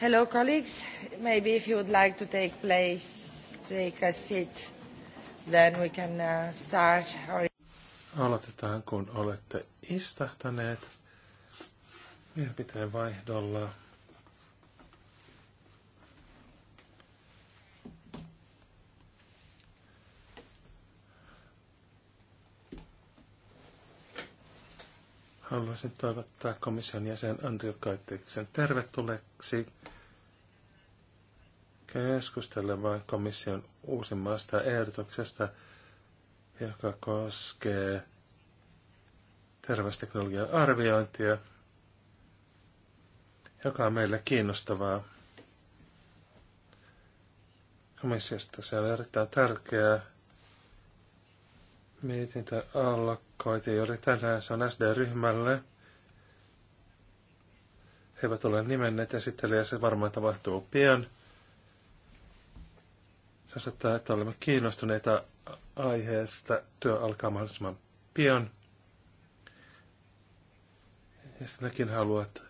Hello, colleagues. Maybe if you would like to take place, take a seat, then we can uh, start. Our... Aloitetaan, kun olette istahtaneet Meidän pitää vaihdolla. Haluaisin toivottaa komission jäsen Andrew Kaittiksen tervetulleeksi keskustelemaan komission uusimmasta ehdotuksesta, joka koskee terveysteknologian arviointia, joka on meille kiinnostavaa. Komissiosta se on erittäin tärkeää. Mietintä allokoitiin juuri tänään, se on SD-ryhmälle. He eivät ole nimenneet esittelijä, se varmaan tapahtuu pian osoittaa, että olemme kiinnostuneita aiheesta. Työ alkaa mahdollisimman pian. Ja sinäkin haluat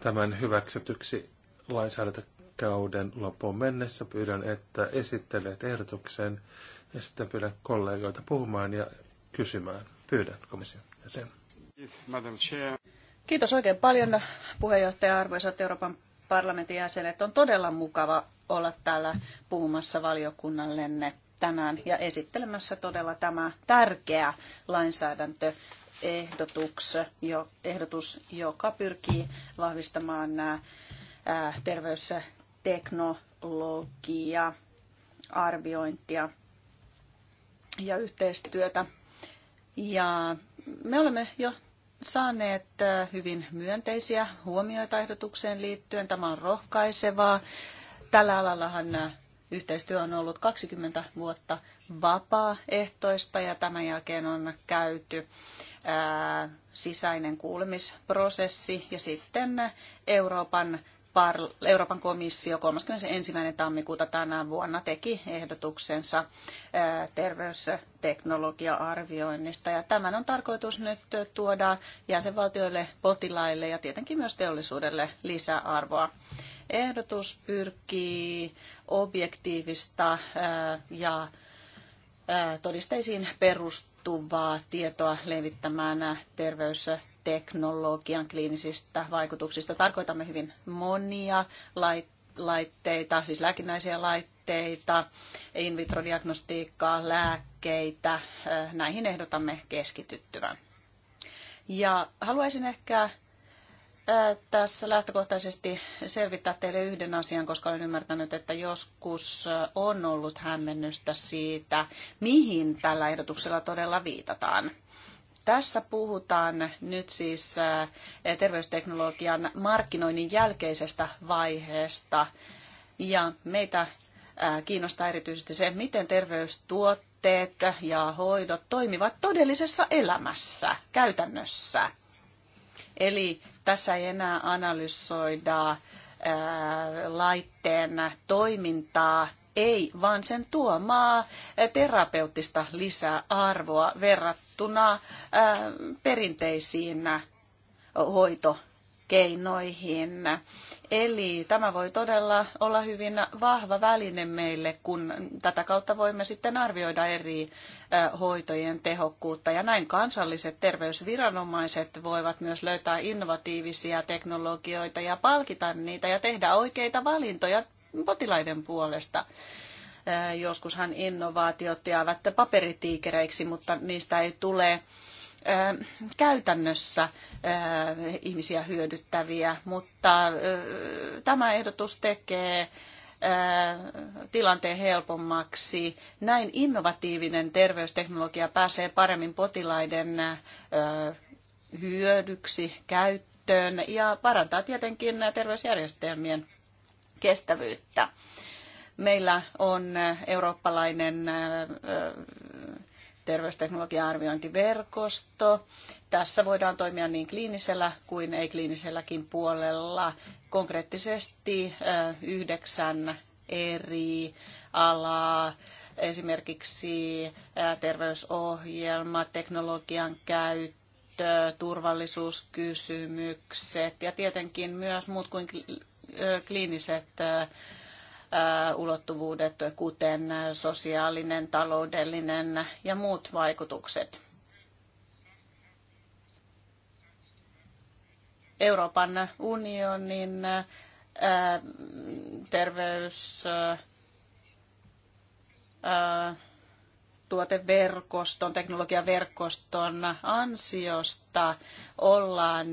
tämän hyväksytyksi lainsäädäntökauden loppuun mennessä. Pyydän, että esittelet ehdotuksen ja sitten pyydän kollegoita puhumaan ja kysymään. Pyydän komission jäsen. Kiitos oikein paljon puheenjohtaja arvoisat Euroopan parlamentin jäsenet. On todella mukava olla täällä puhumassa valiokunnallenne tänään ja esittelemässä todella tämä tärkeä lainsäädäntö ehdotus, jo, ehdotus, joka pyrkii vahvistamaan nämä terveysteknologia, arviointia ja yhteistyötä. Ja me olemme jo saaneet hyvin myönteisiä huomioita ehdotukseen liittyen. Tämä on rohkaisevaa. Tällä alallahan yhteistyö on ollut 20 vuotta vapaaehtoista ja tämän jälkeen on käyty ää, sisäinen kuulemisprosessi ja sitten Euroopan Euroopan komissio 31. tammikuuta tänä vuonna teki ehdotuksensa terveysteknologia-arvioinnista. Ja tämän on tarkoitus nyt tuoda jäsenvaltioille, potilaille ja tietenkin myös teollisuudelle lisäarvoa ehdotus pyrkii objektiivista ja todisteisiin perustuvaa tietoa levittämään terveysteknologian kliinisistä vaikutuksista. Tarkoitamme hyvin monia laitteita, siis lääkinnäisiä laitteita, in vitro-diagnostiikkaa, lääkkeitä. Näihin ehdotamme keskityttyvän. Ja haluaisin ehkä Äh, tässä lähtökohtaisesti selvittää teille yhden asian, koska olen ymmärtänyt, että joskus äh, on ollut hämmennystä siitä, mihin tällä ehdotuksella todella viitataan. Tässä puhutaan nyt siis äh, terveysteknologian markkinoinnin jälkeisestä vaiheesta ja meitä kiinnostaa erityisesti se, miten terveystuotteet ja hoidot toimivat todellisessa elämässä, käytännössä. Eli tässä ei enää analysoida laitteen toimintaa, ei, vaan sen tuomaa terapeuttista lisäarvoa verrattuna perinteisiin hoitoon keinoihin. Eli tämä voi todella olla hyvin vahva väline meille, kun tätä kautta voimme sitten arvioida eri hoitojen tehokkuutta. Ja näin kansalliset terveysviranomaiset voivat myös löytää innovatiivisia teknologioita ja palkita niitä ja tehdä oikeita valintoja potilaiden puolesta. Joskushan innovaatiot jäävät paperitiikereiksi, mutta niistä ei tule käytännössä ihmisiä hyödyttäviä, mutta tämä ehdotus tekee tilanteen helpommaksi. Näin innovatiivinen terveysteknologia pääsee paremmin potilaiden hyödyksi käyttöön ja parantaa tietenkin terveysjärjestelmien kestävyyttä. Meillä on eurooppalainen terveysteknologia-arviointiverkosto. Tässä voidaan toimia niin kliinisellä kuin ei-kliiniselläkin puolella. Konkreettisesti yhdeksän eri alaa, esimerkiksi terveysohjelma, teknologian käyttö, turvallisuuskysymykset ja tietenkin myös muut kuin kliiniset Äh, ulottuvuudet, kuten sosiaalinen, taloudellinen ja muut vaikutukset. Euroopan unionin äh, terveys äh, tuoteverkoston, teknologiaverkoston ansiosta ollaan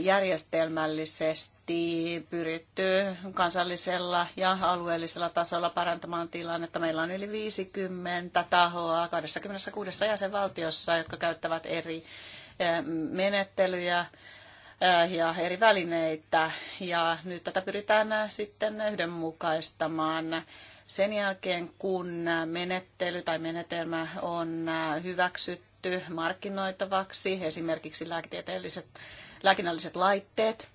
järjestelmällisesti pyritty kansallisella ja alueellisella tasolla parantamaan tilannetta. Meillä on yli 50 tahoa 26 jäsenvaltiossa, jotka käyttävät eri menettelyjä ja eri välineitä. Ja nyt tätä pyritään sitten yhdenmukaistamaan sen jälkeen, kun menettely tai menetelmä on hyväksytty markkinoitavaksi, esimerkiksi lääketieteelliset lääkinnälliset laitteet,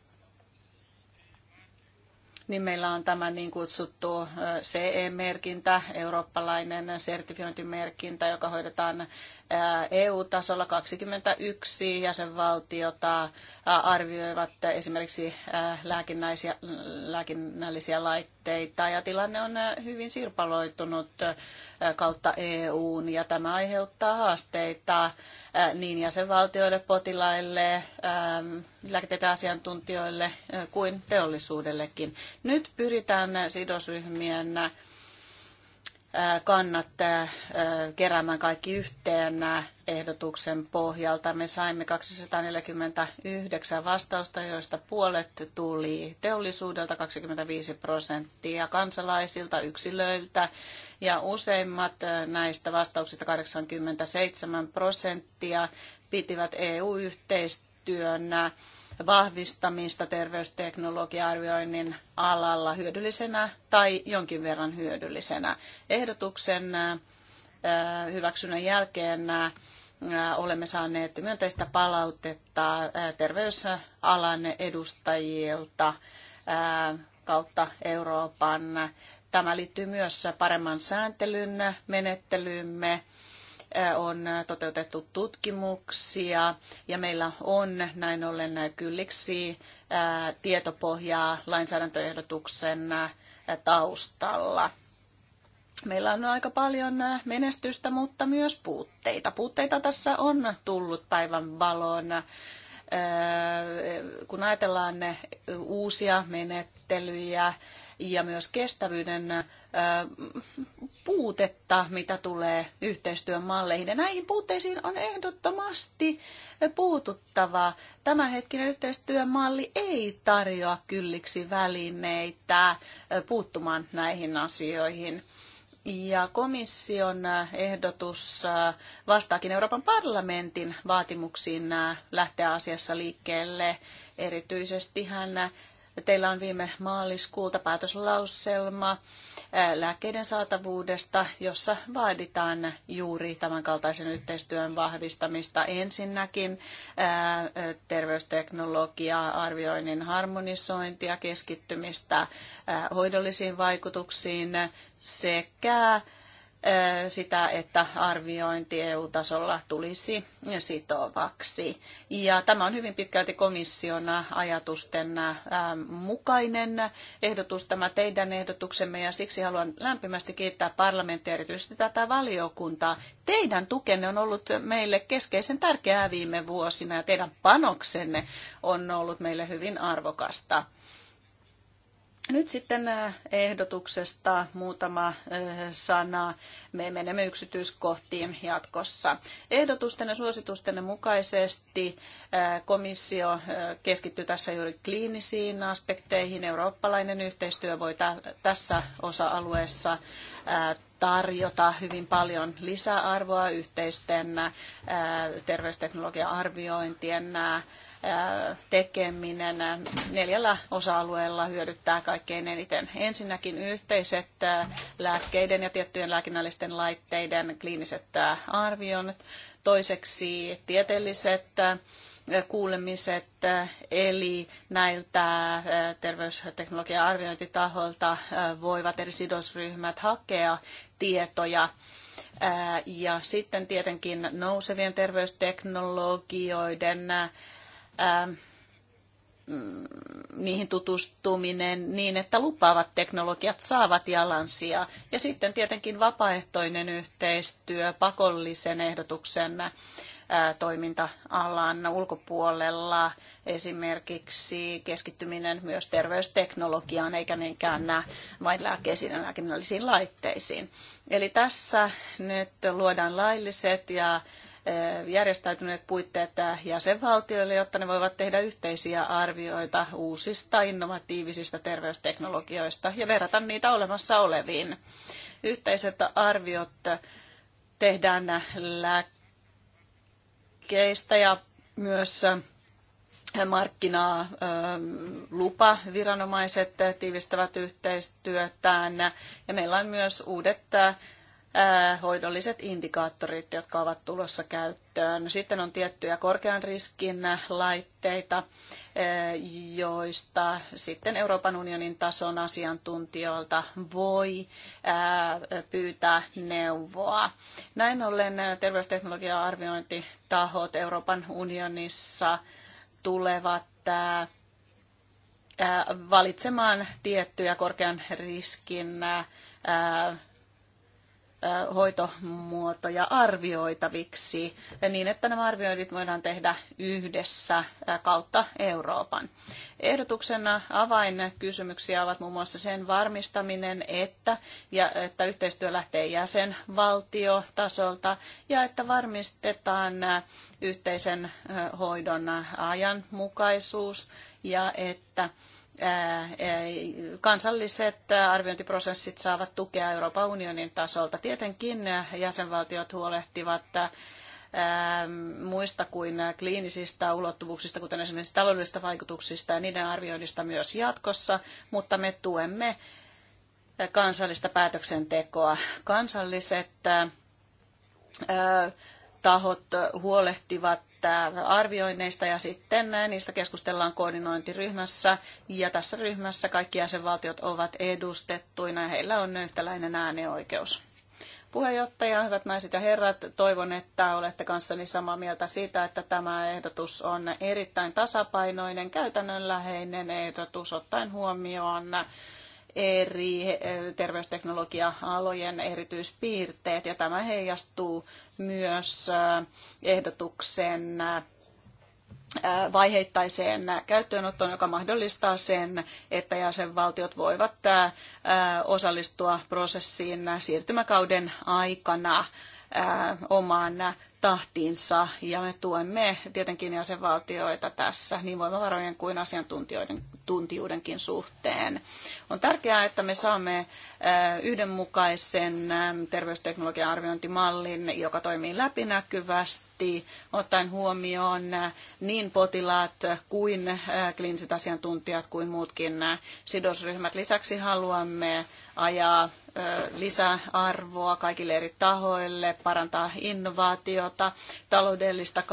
niin meillä on tämä niin kutsuttu CE-merkintä, eurooppalainen sertifiointimerkintä, joka hoidetaan EU-tasolla 21 jäsenvaltiota arvioivat esimerkiksi lääkinnällisiä laitteita ja tilanne on hyvin sirpaloitunut kautta EUn ja tämä aiheuttaa haasteita niin jäsenvaltioille, potilaille, lääketieteen asiantuntijoille kuin teollisuudellekin. Nyt pyritään sidosryhmien kannat keräämään kaikki yhteen ehdotuksen pohjalta. Me saimme 249 vastausta, joista puolet tuli teollisuudelta, 25 prosenttia kansalaisilta, yksilöiltä ja useimmat näistä vastauksista 87 prosenttia pitivät EU-yhteistyönä vahvistamista terveysteknologia-arvioinnin alalla hyödyllisenä tai jonkin verran hyödyllisenä. Ehdotuksen äh, hyväksynnän jälkeen äh, olemme saaneet myönteistä palautetta äh, terveysalan edustajilta kautta Euroopan. Tämä liittyy myös paremman sääntelyn menettelyymme on toteutettu tutkimuksia ja meillä on näin ollen kylliksi tietopohjaa lainsäädäntöehdotuksen taustalla. Meillä on aika paljon menestystä, mutta myös puutteita. Puutteita tässä on tullut päivän valoon kun ajatellaan ne uusia menettelyjä, ja myös kestävyyden puutetta, mitä tulee yhteistyön malleihin. Ja näihin puutteisiin on ehdottomasti puututtava. Tämänhetkinen yhteistyömalli ei tarjoa kylliksi välineitä puuttumaan näihin asioihin. Ja komission ehdotus vastaakin Euroopan parlamentin vaatimuksiin lähteä asiassa liikkeelle. Erityisesti hän Teillä on viime maaliskuulta päätöslauselma lääkkeiden saatavuudesta, jossa vaaditaan juuri tämänkaltaisen yhteistyön vahvistamista. Ensinnäkin terveysteknologiaa, arvioinnin harmonisointia, keskittymistä hoidollisiin vaikutuksiin sekä sitä, että arviointi EU-tasolla tulisi sitovaksi. Ja tämä on hyvin pitkälti komission ajatusten mukainen ehdotus, tämä teidän ehdotuksemme, ja siksi haluan lämpimästi kiittää parlamenttia, erityisesti tätä valiokuntaa. Teidän tukenne on ollut meille keskeisen tärkeää viime vuosina, ja teidän panoksenne on ollut meille hyvin arvokasta. Nyt sitten äh, ehdotuksesta muutama äh, sana. Me menemme yksityiskohtiin jatkossa. Ehdotusten ja suositusten mukaisesti äh, komissio keskittyy tässä juuri kliinisiin aspekteihin. Eurooppalainen yhteistyö voi tässä osa-alueessa tarjota hyvin paljon lisäarvoa yhteisten terveysteknologian arviointien tekeminen neljällä osa-alueella hyödyttää kaikkein eniten. Ensinnäkin yhteiset lääkkeiden ja tiettyjen lääkinnällisten laitteiden kliiniset arvioinnit. Toiseksi tieteelliset kuulemiset, eli näiltä terveysteknologian arviointitahoilta voivat eri sidosryhmät hakea tietoja. Ja sitten tietenkin nousevien terveysteknologioiden Ähm, mm, niihin tutustuminen niin, että lupaavat teknologiat saavat jalansia. Ja sitten tietenkin vapaaehtoinen yhteistyö pakollisen ehdotuksen äh, toiminta-alan ulkopuolella, esimerkiksi keskittyminen myös terveysteknologiaan eikä niinkään nämä vain lääkeisiin ja lääkinnällisiin laitteisiin. Eli tässä nyt luodaan lailliset ja Eh, järjestäytyneet puitteet jäsenvaltioille, jotta ne voivat tehdä yhteisiä arvioita uusista innovatiivisista terveysteknologioista ja verrata niitä olemassa oleviin. Yhteiset arviot tehdään lääkkeistä ja myös eh, markkinaa eh, lupa, viranomaiset tiivistävät yhteistyötään ja meillä on myös uudet Äh, hoidolliset indikaattorit, jotka ovat tulossa käyttöön. Sitten on tiettyjä korkean riskin laitteita, äh, joista sitten Euroopan unionin tason asiantuntijoilta voi äh, pyytää neuvoa. Näin ollen terveysteknologian arviointitahot Euroopan unionissa tulevat valitsemaan tiettyjä korkean riskin hoitomuotoja arvioitaviksi niin, että nämä arvioinnit voidaan tehdä yhdessä kautta Euroopan. Ehdotuksena avainkysymyksiä ovat muun muassa sen varmistaminen, että, ja, että yhteistyö lähtee jäsenvaltiotasolta ja että varmistetaan yhteisen hoidon ajanmukaisuus ja että kansalliset arviointiprosessit saavat tukea Euroopan unionin tasolta. Tietenkin jäsenvaltiot huolehtivat muista kuin kliinisistä ulottuvuuksista, kuten esimerkiksi taloudellisista vaikutuksista ja niiden arvioinnista myös jatkossa, mutta me tuemme kansallista päätöksentekoa. Kansalliset tahot huolehtivat niistä arvioinneista ja sitten eh, niistä keskustellaan koordinointiryhmässä. Ja tässä ryhmässä kaikki jäsenvaltiot ovat edustettuina ja heillä on yhtäläinen äänioikeus. Puheenjohtaja, hyvät naiset ja herrat, toivon, että olette kanssani samaa mieltä siitä, että tämä ehdotus on erittäin tasapainoinen, käytännönläheinen ehdotus ottaen huomioon eri eh, terveysteknologia-alojen erityispiirteet, ja tämä heijastuu myös eh, ehdotuksen eh, vaiheittaiseen käyttöönottoon, joka mahdollistaa sen, että jäsenvaltiot voivat osallistua prosessiin siirtymäkauden aikana omaan tahtiinsa ja me tuemme tietenkin jäsenvaltioita tässä niin voimavarojen kuin asiantuntijoiden tuntijuudenkin suhteen. On tärkeää, että me saamme yhdenmukaisen terveysteknologian arviointimallin, joka toimii läpinäkyvästi, ottaen huomioon niin potilaat kuin kliiniset asiantuntijat kuin muutkin sidosryhmät. Lisäksi haluamme ajaa lisäarvoa kaikille eri tahoille, parantaa innovaatiota, taloudellista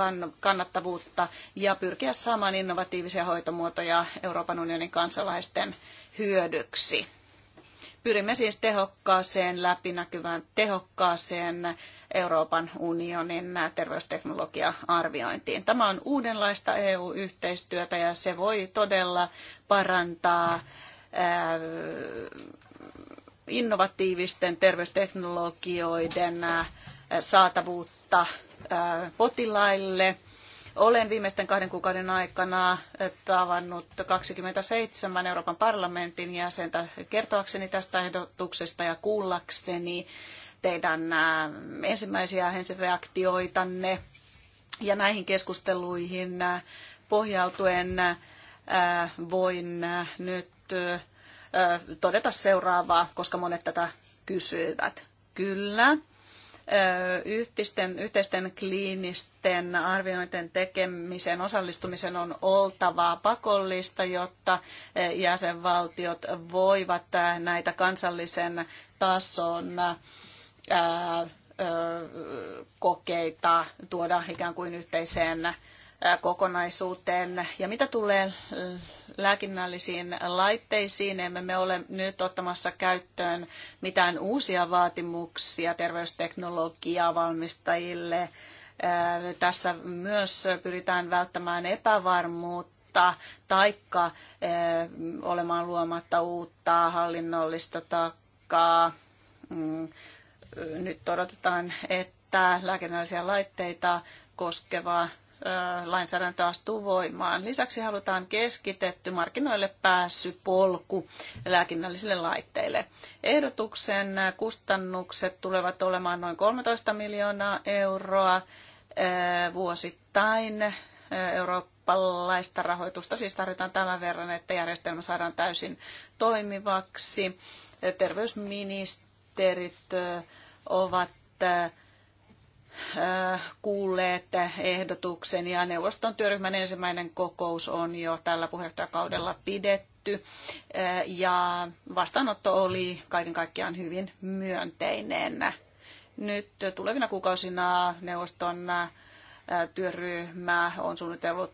kannattavuutta ja pyrkiä saamaan innovatiivisia hoitomuotoja Euroopan unionin kansalaisten hyödyksi. Pyrimme siis tehokkaaseen, läpinäkyvään, tehokkaaseen Euroopan unionin terveysteknologia-arviointiin. Tämä on uudenlaista EU-yhteistyötä ja se voi todella parantaa innovatiivisten terveysteknologioiden saatavuutta potilaille – olen viimeisten kahden kuukauden aikana eh, tavannut 27 Euroopan parlamentin jäsentä kertoakseni tästä ehdotuksesta ja kuullakseni teidän eh, ensimmäisiä reaktioitanne ja näihin keskusteluihin eh, pohjautuen voin nyt todeta seuraavaa, koska monet tätä kysyivät. Kyllä, yhteisten, yhteisten kliinisten arviointien tekemisen osallistumisen on oltava pakollista, jotta jäsenvaltiot voivat näitä kansallisen tason kokeita tuoda ikään kuin yhteiseen kokonaisuuteen. Ja mitä tulee lääkinnällisiin laitteisiin, emme me ole nyt ottamassa käyttöön mitään uusia vaatimuksia terveysteknologiaa valmistajille. Tässä myös pyritään välttämään epävarmuutta taikka olemaan luomatta uutta hallinnollista taakkaa. Mm, nyt odotetaan, että lääkinnällisiä laitteita koskeva lainsäädäntö astuu voimaan. Lisäksi halutaan keskitetty markkinoille päässy polku lääkinnällisille laitteille. Ehdotuksen kustannukset tulevat olemaan noin 13 miljoonaa euroa vuosittain eurooppalaista rahoitusta. Siis tarvitaan tämän verran, että järjestelmä saadaan täysin toimivaksi. Terveysministerit ovat kuulleet ehdotuksen ja neuvoston työryhmän ensimmäinen kokous on jo tällä puheenjohtajakaudella pidetty ja vastaanotto oli kaiken kaikkiaan hyvin myönteinen. Nyt tulevina kuukausina neuvoston työryhmä on suunnitellut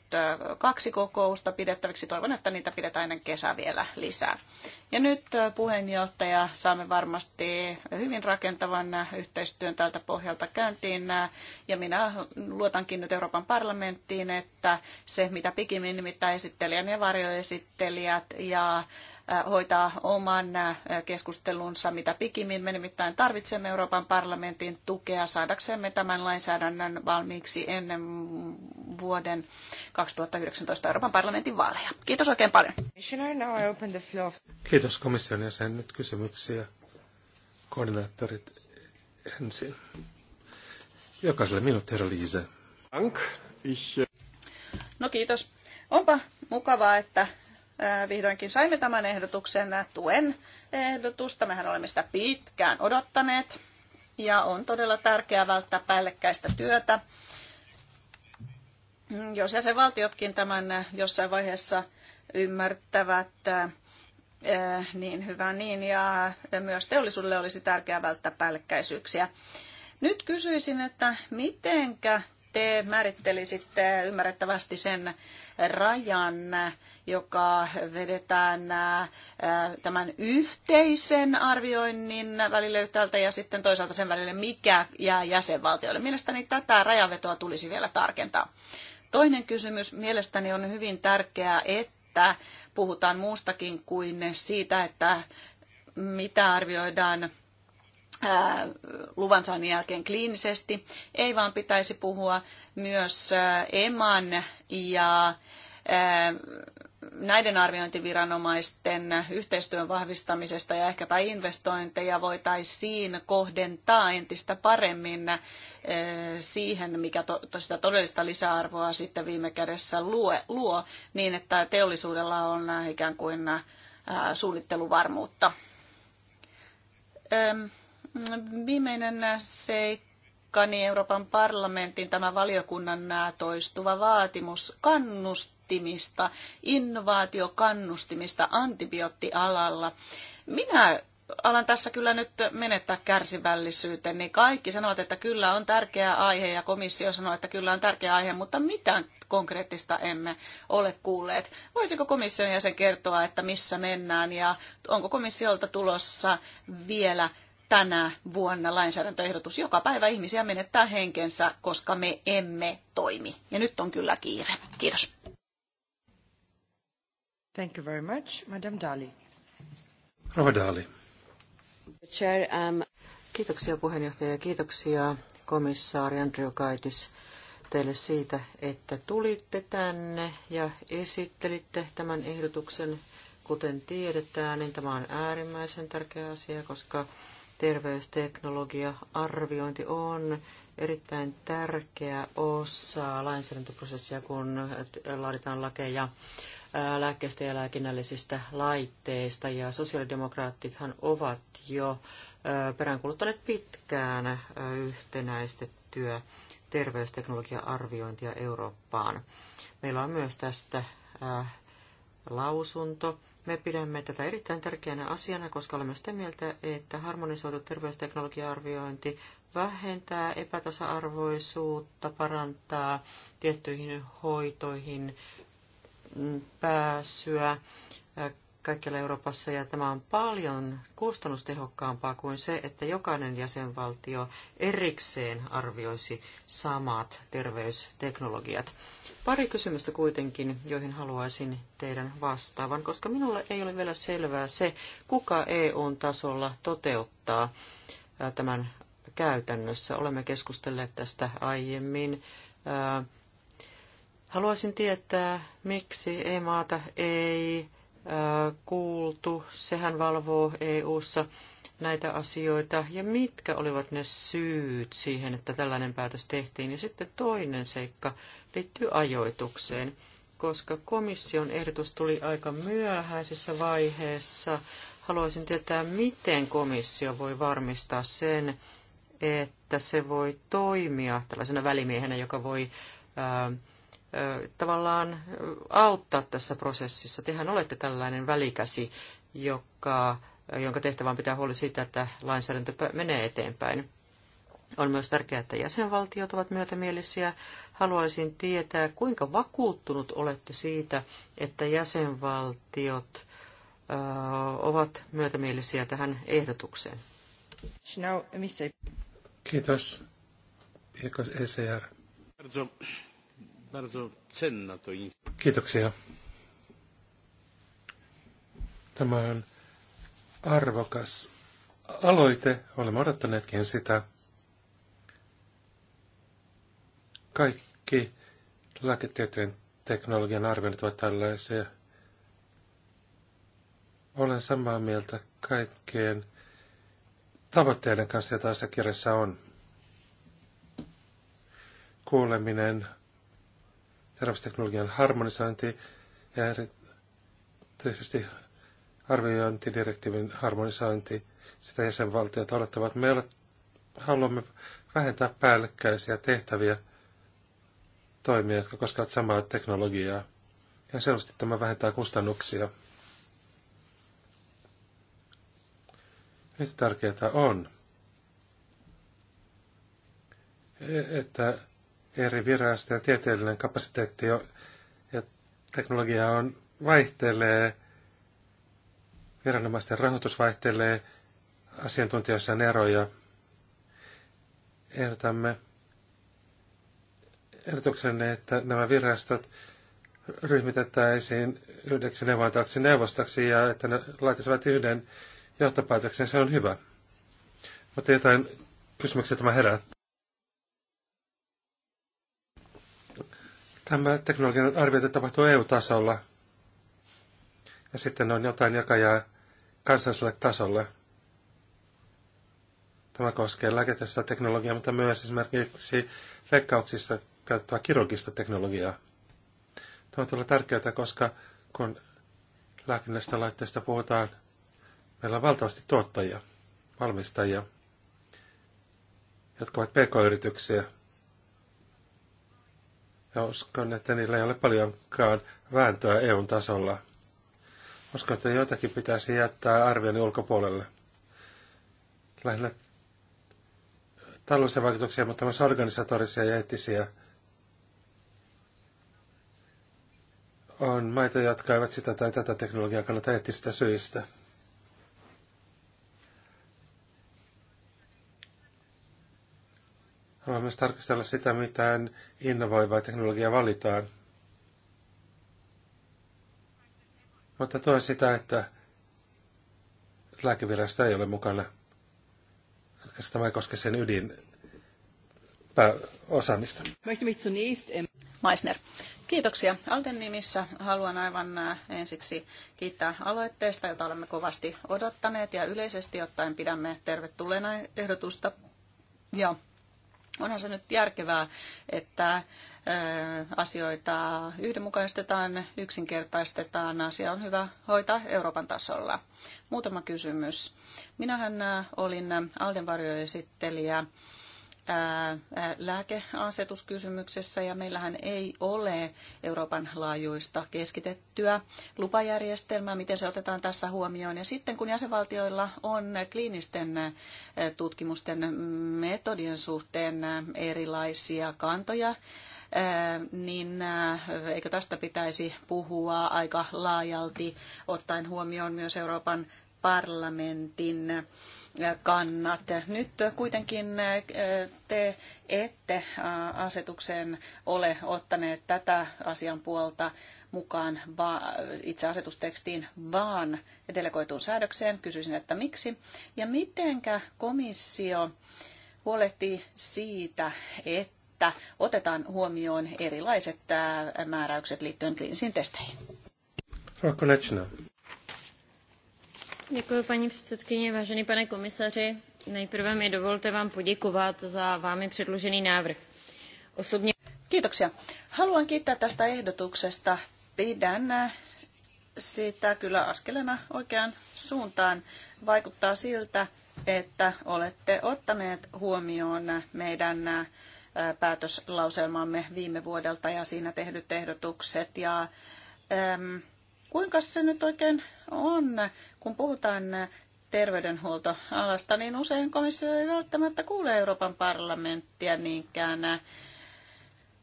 kaksi kokousta pidettäväksi. Toivon, että niitä pidetään ennen kesää vielä lisää. Ja nyt puheenjohtaja, saamme varmasti hyvin rakentavan yhteistyön tältä pohjalta käyntiin. Ja minä luotankin nyt Euroopan parlamenttiin, että se mitä pikimmin nimittäin esittelijän ja varjoesittelijät ja Äh, hoitaa oman äh, keskustelunsa mitä pikimmin. Me nimittäin tarvitsemme Euroopan parlamentin tukea saadaksemme tämän lainsäädännön valmiiksi ennen vuoden 2019 Euroopan parlamentin vaaleja. Kiitos oikein paljon. Kiitos komission jäsen. Nyt kysymyksiä. Koordinaattorit ensin. Jokaiselle minuutti, herra Liise. Dank. Äh, no kiitos. Onpa mukavaa, että vihdoinkin saimme tämän ehdotuksen tuen ehdotusta. Mehän olemme sitä pitkään odottaneet ja on todella tärkeää välttää päällekkäistä työtä. Jos jäsenvaltiotkin tämän jossain vaiheessa ymmärtävät, niin hyvä niin, ja myös teollisuudelle olisi tärkeää välttää päällekkäisyyksiä. Nyt kysyisin, että mitenkä te määrittelisitte ymmärrettävästi sen rajan, joka vedetään tämän yhteisen arvioinnin välille yhtäältä ja sitten toisaalta sen välille, mikä jää jäsenvaltioille. Mielestäni tätä rajavetoa tulisi vielä tarkentaa. Toinen kysymys mielestäni on hyvin tärkeää, että puhutaan muustakin kuin siitä, että mitä arvioidaan luvansaannin jälkeen kliinisesti, ei vaan pitäisi puhua myös EMAN ja näiden arviointiviranomaisten yhteistyön vahvistamisesta ja ehkäpä investointeja voitaisiin kohdentaa entistä paremmin siihen, mikä to, sitä todellista lisäarvoa sitten viime kädessä luo, luo, niin että teollisuudella on ikään kuin suunnitteluvarmuutta. Viimeinen seikka, niin Euroopan parlamentin tämä valiokunnan toistuva vaatimus kannustimista, innovaatiokannustimista antibioottialalla. Minä alan tässä kyllä nyt menettää kärsivällisyyteen, niin kaikki sanovat, että kyllä on tärkeä aihe ja komissio sanoo, että kyllä on tärkeä aihe, mutta mitään konkreettista emme ole kuulleet. Voisiko komission jäsen kertoa, että missä mennään ja onko komissiolta tulossa vielä tänä vuonna lainsäädäntöehdotus. Joka päivä ihmisiä menettää henkensä, koska me emme toimi. Ja nyt on kyllä kiire. Kiitos. Thank you very much, Madame Dali. Rova Dali. Chair, um... Kiitoksia puheenjohtaja ja kiitoksia komissaari Andrew Kaitis teille siitä, että tulitte tänne ja esittelitte tämän ehdotuksen. Kuten tiedetään, niin tämä on äärimmäisen tärkeä asia, koska terveysteknologia-arviointi on erittäin tärkeä osa lainsäädäntöprosessia, kun laaditaan lakeja lääkkeistä ja lääkinnällisistä laitteista. Ja sosiaalidemokraattithan ovat jo peräänkuluttaneet pitkään yhtenäistettyä terveysteknologia-arviointia Eurooppaan. Meillä on myös tästä lausunto. Me pidämme tätä erittäin tärkeänä asiana, koska olemme sitä mieltä, että harmonisoitu terveysteknologia-arviointi vähentää epätasa-arvoisuutta, parantaa tiettyihin hoitoihin mm, pääsyä, kaikkialla Euroopassa, ja tämä on paljon kustannustehokkaampaa kuin se, että jokainen jäsenvaltio erikseen arvioisi samat terveysteknologiat. Pari kysymystä kuitenkin, joihin haluaisin teidän vastaavan, koska minulle ei ole vielä selvää se, kuka EUn tasolla toteuttaa tämän käytännössä. Olemme keskustelleet tästä aiemmin. Haluaisin tietää, miksi ei maata ei kuultu. Sehän valvoo EU:ssa näitä asioita ja mitkä olivat ne syyt siihen, että tällainen päätös tehtiin. Ja sitten toinen seikka liittyy ajoitukseen, koska komission ehdotus tuli aika myöhäisessä vaiheessa. Haluaisin tietää, miten komissio voi varmistaa sen, että se voi toimia tällaisena välimiehenä, joka voi ää, tavallaan auttaa tässä prosessissa. Tehän olette tällainen välikäsi, joka, jonka tehtävän pitää huoli siitä, että lainsäädäntö menee eteenpäin. On myös tärkeää, että jäsenvaltiot ovat myötämielisiä. Haluaisin tietää, kuinka vakuuttunut olette siitä, että jäsenvaltiot ö, ovat myötämielisiä tähän ehdotukseen. No, Kiitos. ECR bardzo cenna to Kiitoksia. Tämä on arvokas aloite. Olemme odottaneetkin sitä. Kaikki lääketieteen teknologian arvioinnit ovat tällaisia. Olen samaa mieltä kaikkien tavoitteiden kanssa, joita asiakirjassa on. Kuuleminen terveysteknologian harmonisointi ja erityisesti arviointidirektiivin harmonisointi, sitä jäsenvaltiota odottavat. Me haluamme vähentää päällekkäisiä tehtäviä toimia, jotka koskevat samaa teknologiaa. Ja selvästi tämä vähentää kustannuksia. Yhtä tärkeää on, e- että eri virastojen tieteellinen kapasiteetti ja teknologia on vaihtelee, viranomaisten rahoitus vaihtelee, asiantuntijoissa on eroja. Ehdotamme ehdotuksenne, että nämä virastot ryhmitettäisiin yhdeksi neuvontaksi neuvostaksi ja että ne laittaisivat yhden johtopäätöksen, se on hyvä. Mutta jotain kysymyksiä tämä herättää. Tämä teknologian arviointi tapahtuu EU-tasolla ja sitten on jotain jakajaa kansalliselle tasolle. Tämä koskee lääketessä teknologiaa, mutta myös esimerkiksi leikkauksissa käyttävää kirurgista teknologiaa. Tämä on todella tärkeää, koska kun lääkinnästä laitteista puhutaan, meillä on valtavasti tuottajia, valmistajia, jotka ovat pk-yrityksiä, ja uskon, että niillä ei ole paljonkaan vääntöä EUn tasolla. Uskon, että joitakin pitäisi jättää arvioinnin ulkopuolelle. Lähinnä taloudellisia vaikutuksia, mutta myös organisatorisia ja eettisiä. On maita, jotka eivät sitä tai tätä teknologiaa kannata eettisistä syistä. myös tarkistella sitä, mitään innovoivaa teknologiaa valitaan. Mutta tuen sitä, että lääkevirasto ei ole mukana, koska tämä ei koske sen ydin osaamista. Meisner. Kiitoksia. Alden nimissä haluan aivan äh, ensiksi kiittää aloitteesta, jota olemme kovasti odottaneet ja yleisesti ottaen pidämme tervetulleena ehdotusta ja Onhan se nyt järkevää, että asioita yhdenmukaistetaan, yksinkertaistetaan. Asia on hyvä hoitaa Euroopan tasolla. Muutama kysymys. Minähän olin Alden varjoesittelijä lääkeasetuskysymyksessä ja meillähän ei ole Euroopan laajuista keskitettyä lupajärjestelmää, miten se otetaan tässä huomioon. Ja sitten kun jäsenvaltioilla on kliinisten tutkimusten metodien suhteen erilaisia kantoja, niin eikö tästä pitäisi puhua aika laajalti, ottaen huomioon myös Euroopan parlamentin kannat. Nyt kuitenkin eh, te ette asetukseen ole ottaneet tätä asian puolta mukaan itse asetustekstiin, vaan delegoituun säädökseen. Kysyisin, että miksi ja mitenkä komissio huolehtii siitä, että otetaan huomioon erilaiset määräykset liittyen kliinisiin testeihin paní předsedající pane komisaři. Nejprve mi dovolte vám poděkovat za vámi předložený návrh. Osobně... Kiitoksia. Haluan kiittää tästä ehdotuksesta. Pidän sitä kyllä askelena oikeaan suuntaan. Vaikuttaa siltä, että olette ottaneet huomioon meidän päätöslauselmamme viime vuodelta ja siinä tehdyt ehdotukset. Ja, äm, kuinka se nyt oikein on, kun puhutaan terveydenhuoltoalasta, niin usein komissio ei välttämättä kuule Euroopan parlamenttia niinkään.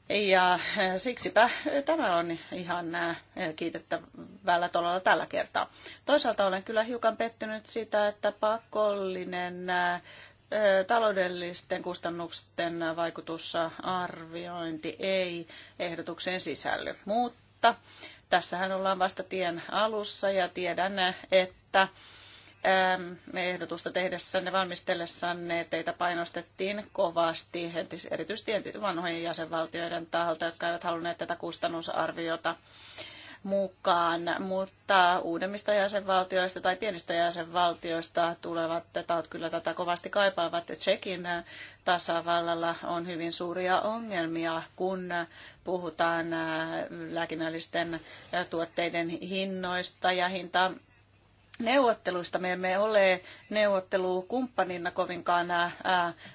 Ja eh, siksipä eh, tämä on ihan eh, kiitettävällä tolalla tällä kertaa. Toisaalta olen kyllä hiukan pettynyt sitä, että pakollinen taloudellisten kustannusten vaikutusarviointi ei ehdotukseen sisälly, mutta Tässähän ollaan vasta tien alussa ja tiedän, että ehdotusta tehdessänne, valmistellessanne teitä painostettiin kovasti, erityisesti vanhojen jäsenvaltioiden taholta, jotka eivät halunneet tätä kustannusarviota mukaan, mutta uudemmista jäsenvaltioista tai pienistä jäsenvaltioista tulevat taut kyllä tätä kovasti kaipaavat. Tsekin tasavallalla on hyvin suuria ongelmia, kun puhutaan äh, lääkinnällisten äh, tuotteiden hinnoista ja hinta neuvotteluista. Me emme ole neuvottelukumppanina kovinkaan äh,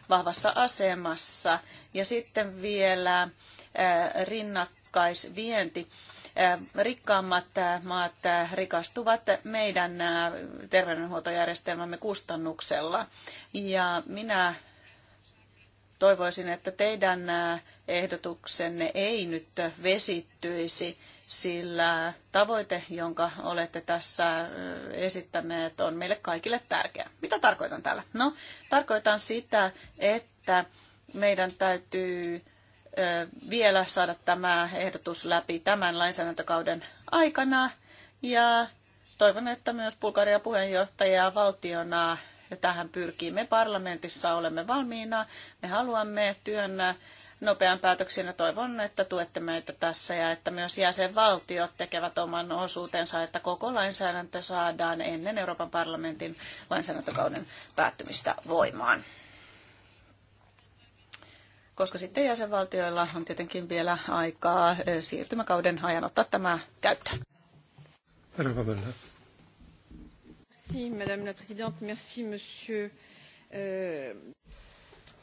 vahvassa asemassa. Ja sitten vielä rinnakkaisvienti rikkaammat maat rikastuvat meidän terveydenhuoltojärjestelmämme kustannuksella. Ja minä toivoisin, että teidän ehdotuksenne ei nyt vesittyisi, sillä tavoite, jonka olette tässä esittäneet, on meille kaikille tärkeä. Mitä tarkoitan täällä? No, tarkoitan sitä, että meidän täytyy vielä saada tämä ehdotus läpi tämän lainsäädäntökauden aikana. Ja toivon, että myös Bulgaria puheenjohtaja valtiona tähän pyrkii. Me parlamentissa olemme valmiina. Me haluamme työn nopean päätöksen ja toivon, että tuette meitä tässä ja että myös jäsenvaltiot tekevät oman osuutensa, että koko lainsäädäntö saadaan ennen Euroopan parlamentin lainsäädäntökauden päättymistä voimaan koska sitten jäsenvaltioilla on tietenkin vielä aikaa siirtymäkauden ajan ottaa tämä käyttöön. Rova Merci, Madame la Présidente. Merci, Monsieur.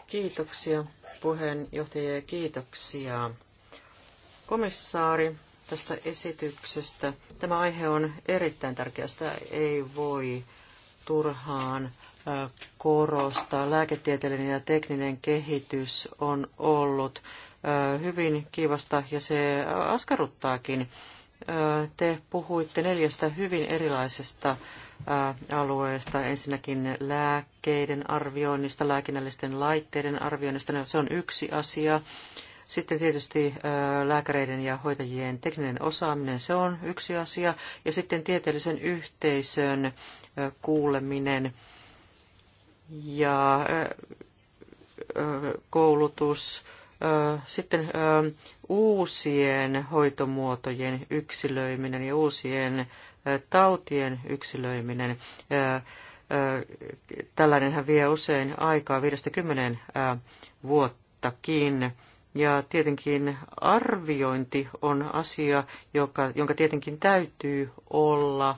Kiitoksia puheenjohtaja ja kiitoksia komissaari tästä esityksestä. Tämä aihe on erittäin tärkeä, sitä ei voi turhaan korostaa. Lääketieteellinen ja tekninen kehitys on ollut hyvin kivasta ja se askarruttaakin. Te puhuitte neljästä hyvin erilaisesta alueesta. Ensinnäkin lääkkeiden arvioinnista, lääkinnällisten laitteiden arvioinnista. No, se on yksi asia. Sitten tietysti lääkäreiden ja hoitajien tekninen osaaminen, se on yksi asia. Ja sitten tieteellisen yhteisön kuuleminen ja koulutus, sitten uusien hoitomuotojen yksilöiminen ja uusien tautien yksilöiminen. Tällainenhän vie usein aikaa 50 vuottakin. Ja tietenkin arviointi on asia, joka, jonka tietenkin täytyy olla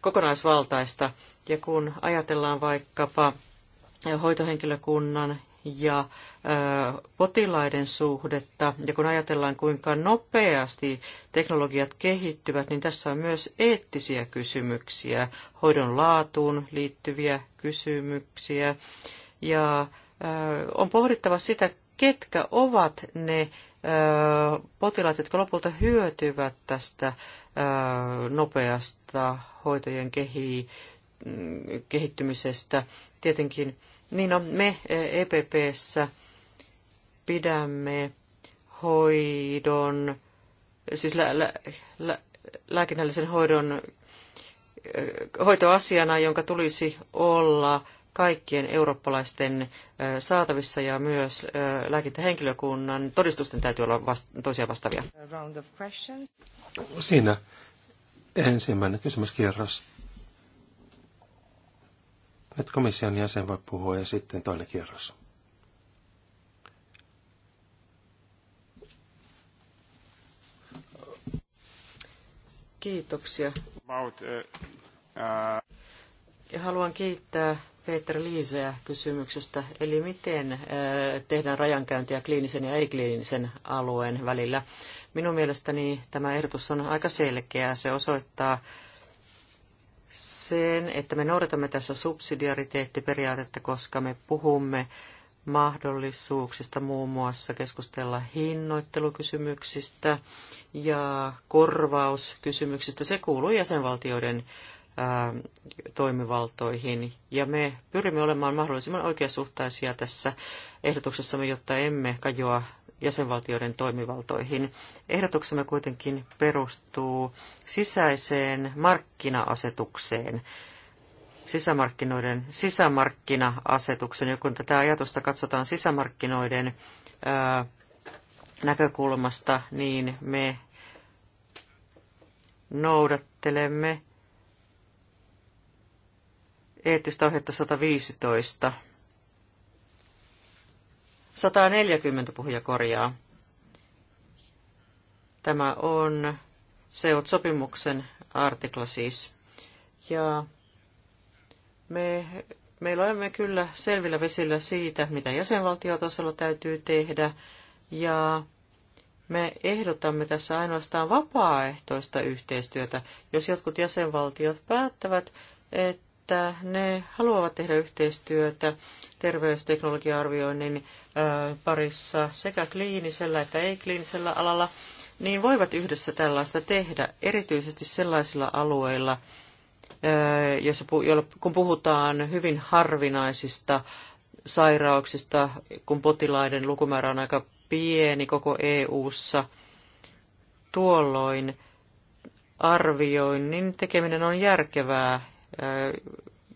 kokonaisvaltaista. Ja kun ajatellaan vaikkapa hoitohenkilökunnan ja potilaiden suhdetta, ja kun ajatellaan kuinka nopeasti teknologiat kehittyvät, niin tässä on myös eettisiä kysymyksiä, hoidon laatuun liittyviä kysymyksiä, ja on pohdittava sitä, ketkä ovat ne potilaat, jotka lopulta hyötyvät tästä nopeasta hoitojen kehi, mm, kehittymisestä. Tietenkin, niin no, me EPPssä pidämme hoidon, siis lä, lä, lä, lääkinnällisen hoidon hoitoasiana, jonka tulisi olla kaikkien eurooppalaisten saatavissa ja myös lääkintähenkilökunnan todistusten täytyy olla vast- toisiaan vastaavia. Siinä ensimmäinen kysymyskierros. Nyt komission jäsen voi puhua ja sitten toinen kierros. Kiitoksia. About, uh, uh... Ja haluan kiittää Peter Liiseä kysymyksestä, eli miten äh, tehdään rajankäyntiä kliinisen ja ei-kliinisen alueen välillä. Minun mielestäni tämä ehdotus on aika selkeä. Se osoittaa sen, että me noudatamme tässä subsidiariteettiperiaatetta, koska me puhumme mahdollisuuksista muun muassa keskustella hinnoittelukysymyksistä ja korvauskysymyksistä. Se kuuluu jäsenvaltioiden toimivaltoihin. Ja me pyrimme olemaan mahdollisimman oikeasuhtaisia tässä ehdotuksessamme, jotta emme kajoa jäsenvaltioiden toimivaltoihin. Ehdotuksemme kuitenkin perustuu sisäiseen markkina-asetukseen, sisämarkkinoiden sisämarkkina-asetuksen, ja kun tätä ajatusta katsotaan sisämarkkinoiden ää, näkökulmasta, niin me noudattelemme eettistä ohjetta 115. 140 puhuja korjaa. Tämä on SEUT-sopimuksen artikla siis. Ja me, meillä olemme kyllä selvillä vesillä siitä, mitä jäsenvaltiotasolla täytyy tehdä, ja me ehdotamme tässä ainoastaan vapaaehtoista yhteistyötä. Jos jotkut jäsenvaltiot päättävät, että että ne haluavat tehdä yhteistyötä terveysteknologia-arvioinnin parissa sekä kliinisellä että ei-kliinisellä alalla, niin voivat yhdessä tällaista tehdä, erityisesti sellaisilla alueilla, jossa, kun puhutaan hyvin harvinaisista sairauksista, kun potilaiden lukumäärä on aika pieni koko EU-ssa, tuolloin arvioinnin tekeminen on järkevää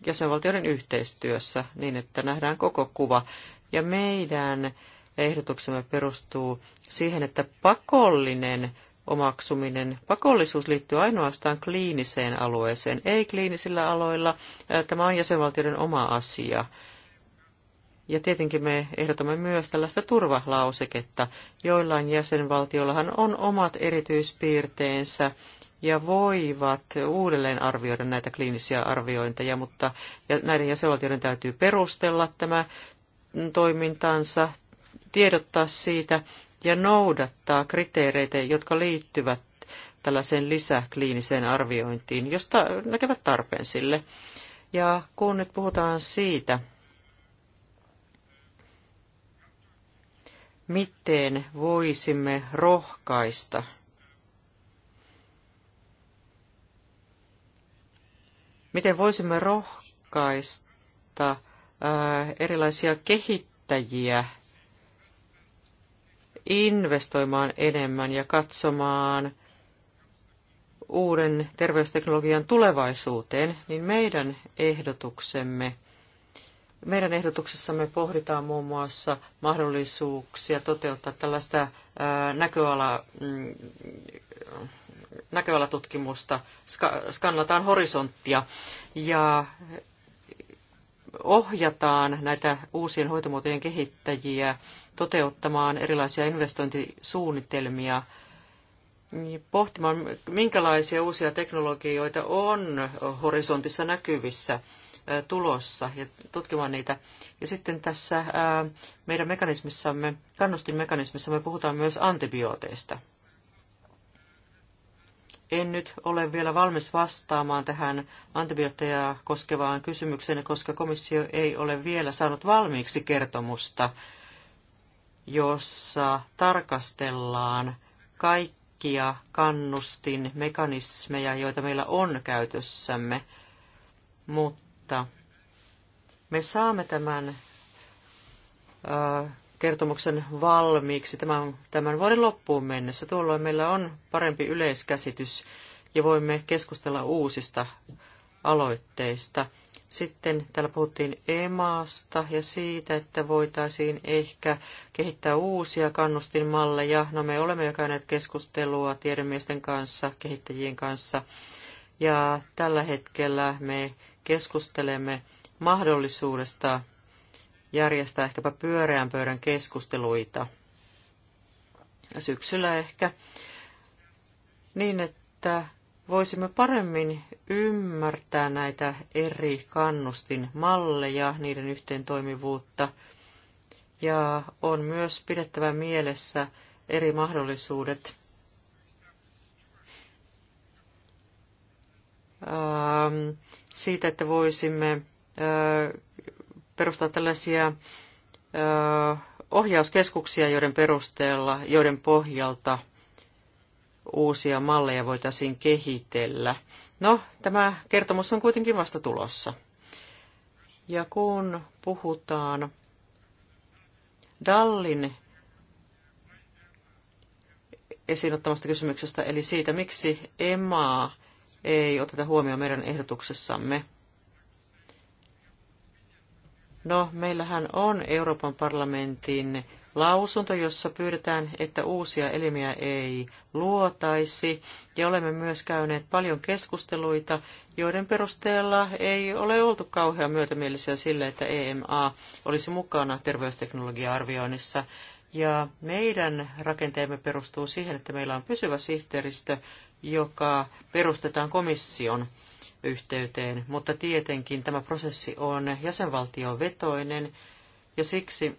jäsenvaltioiden yhteistyössä niin, että nähdään koko kuva. Ja meidän ehdotuksemme perustuu siihen, että pakollinen omaksuminen. Pakollisuus liittyy ainoastaan kliiniseen alueeseen, ei kliinisillä aloilla. Tämä on jäsenvaltioiden oma asia. Ja tietenkin me ehdotamme myös tällaista turvalauseketta. Joillain jäsenvaltiollahan on omat erityispiirteensä ja voivat uudelleen arvioida näitä kliinisiä arviointeja, mutta näiden jäsenvaltioiden täytyy perustella tämä toimintansa, tiedottaa siitä ja noudattaa kriteereitä, jotka liittyvät tällaiseen lisäkliiniseen arviointiin, josta näkevät tarpeen sille. Ja kun nyt puhutaan siitä, miten voisimme rohkaista – miten voisimme rohkaista äh, erilaisia kehittäjiä investoimaan enemmän ja katsomaan uuden terveysteknologian tulevaisuuteen, niin meidän ehdotuksemme meidän ehdotuksessamme pohditaan muun muassa mahdollisuuksia toteuttaa tällaista äh, näköala mm, näköalatutkimusta, skannataan horisonttia ja ohjataan näitä uusien hoitomuotojen kehittäjiä toteuttamaan erilaisia investointisuunnitelmia, pohtimaan, minkälaisia uusia teknologioita on horisontissa näkyvissä tulossa ja tutkimaan niitä. Ja sitten tässä meidän mekanismissamme, kannustinmekanismissamme puhutaan myös antibiooteista – en nyt ole vielä valmis vastaamaan tähän antibiootteja koskevaan kysymykseen, koska komissio ei ole vielä saanut valmiiksi kertomusta, jossa tarkastellaan kaikkia kannustinmekanismeja, joita meillä on käytössämme. Mutta me saamme tämän kertomuksen valmiiksi tämän, tämän vuoden loppuun mennessä. Tuolloin meillä on parempi yleiskäsitys ja voimme keskustella uusista aloitteista. Sitten täällä puhuttiin EMAasta ja siitä, että voitaisiin ehkä kehittää uusia kannustinmalleja. No me olemme jo käyneet keskustelua tiedemiesten kanssa, kehittäjien kanssa. Ja tällä hetkellä me keskustelemme mahdollisuudesta järjestää ehkäpä pyöreän pöydän keskusteluita syksyllä ehkä, niin että voisimme paremmin ymmärtää näitä eri kannustinmalleja, niiden yhteen toimivuutta. Ja on myös pidettävä mielessä eri mahdollisuudet ähm, siitä, että voisimme äh, perustaa tällaisia ohjauskeskuksia, joiden perusteella, joiden pohjalta uusia malleja voitaisiin kehitellä. No, tämä kertomus on kuitenkin vasta tulossa. Ja kun puhutaan Dallin esiin ottamasta kysymyksestä, eli siitä, miksi EMAA ei oteta huomioon meidän ehdotuksessamme – No, meillähän on Euroopan parlamentin lausunto, jossa pyydetään, että uusia elimiä ei luotaisi, ja olemme myös käyneet paljon keskusteluita, joiden perusteella ei ole oltu kauhean myötämielisiä sille, että EMA olisi mukana terveysteknologia-arvioinnissa. Ja meidän rakenteemme perustuu siihen, että meillä on pysyvä sihteeristö, joka perustetaan komission yhteyteen, mutta tietenkin tämä prosessi on jäsenvaltiovetoinen ja siksi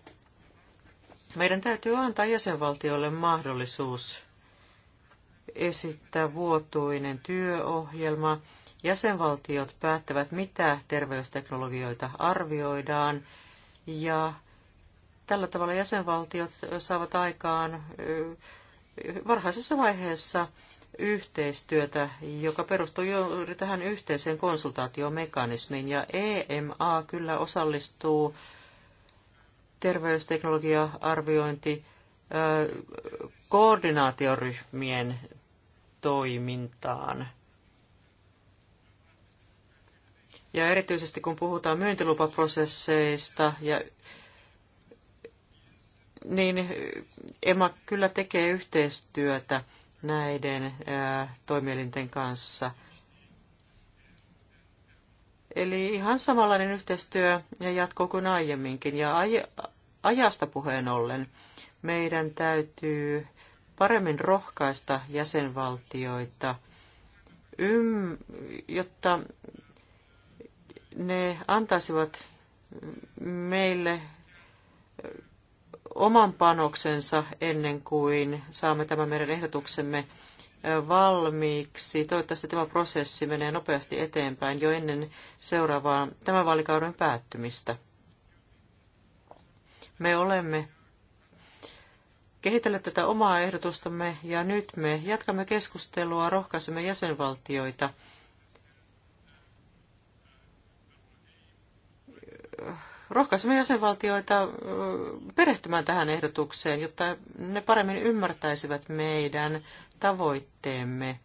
meidän täytyy antaa jäsenvaltiolle mahdollisuus esittää vuotuinen työohjelma. Jäsenvaltiot päättävät, mitä terveysteknologioita arvioidaan ja tällä tavalla jäsenvaltiot saavat aikaan varhaisessa vaiheessa yhteistyötä, joka perustuu juuri tähän yhteiseen konsultaatiomekanismiin. Ja EMA kyllä osallistuu terveysteknologia-arviointi koordinaatioryhmien toimintaan. Ja erityisesti kun puhutaan myyntilupaprosesseista ja niin EMA kyllä tekee yhteistyötä näiden toimielinten kanssa. Eli ihan samanlainen yhteistyö ja jatkuu kuin aiemminkin. Ja ajasta puheen ollen meidän täytyy paremmin rohkaista jäsenvaltioita, jotta ne antaisivat meille oman panoksensa ennen kuin saamme tämän meidän ehdotuksemme valmiiksi. Toivottavasti tämä prosessi menee nopeasti eteenpäin jo ennen seuraavaa tämän vaalikauden päättymistä. Me olemme kehitelleet tätä omaa ehdotustamme ja nyt me jatkamme keskustelua, rohkaisemme jäsenvaltioita – rohkaisemme jäsenvaltioita perehtymään tähän ehdotukseen, jotta ne paremmin ymmärtäisivät meidän tavoitteemme.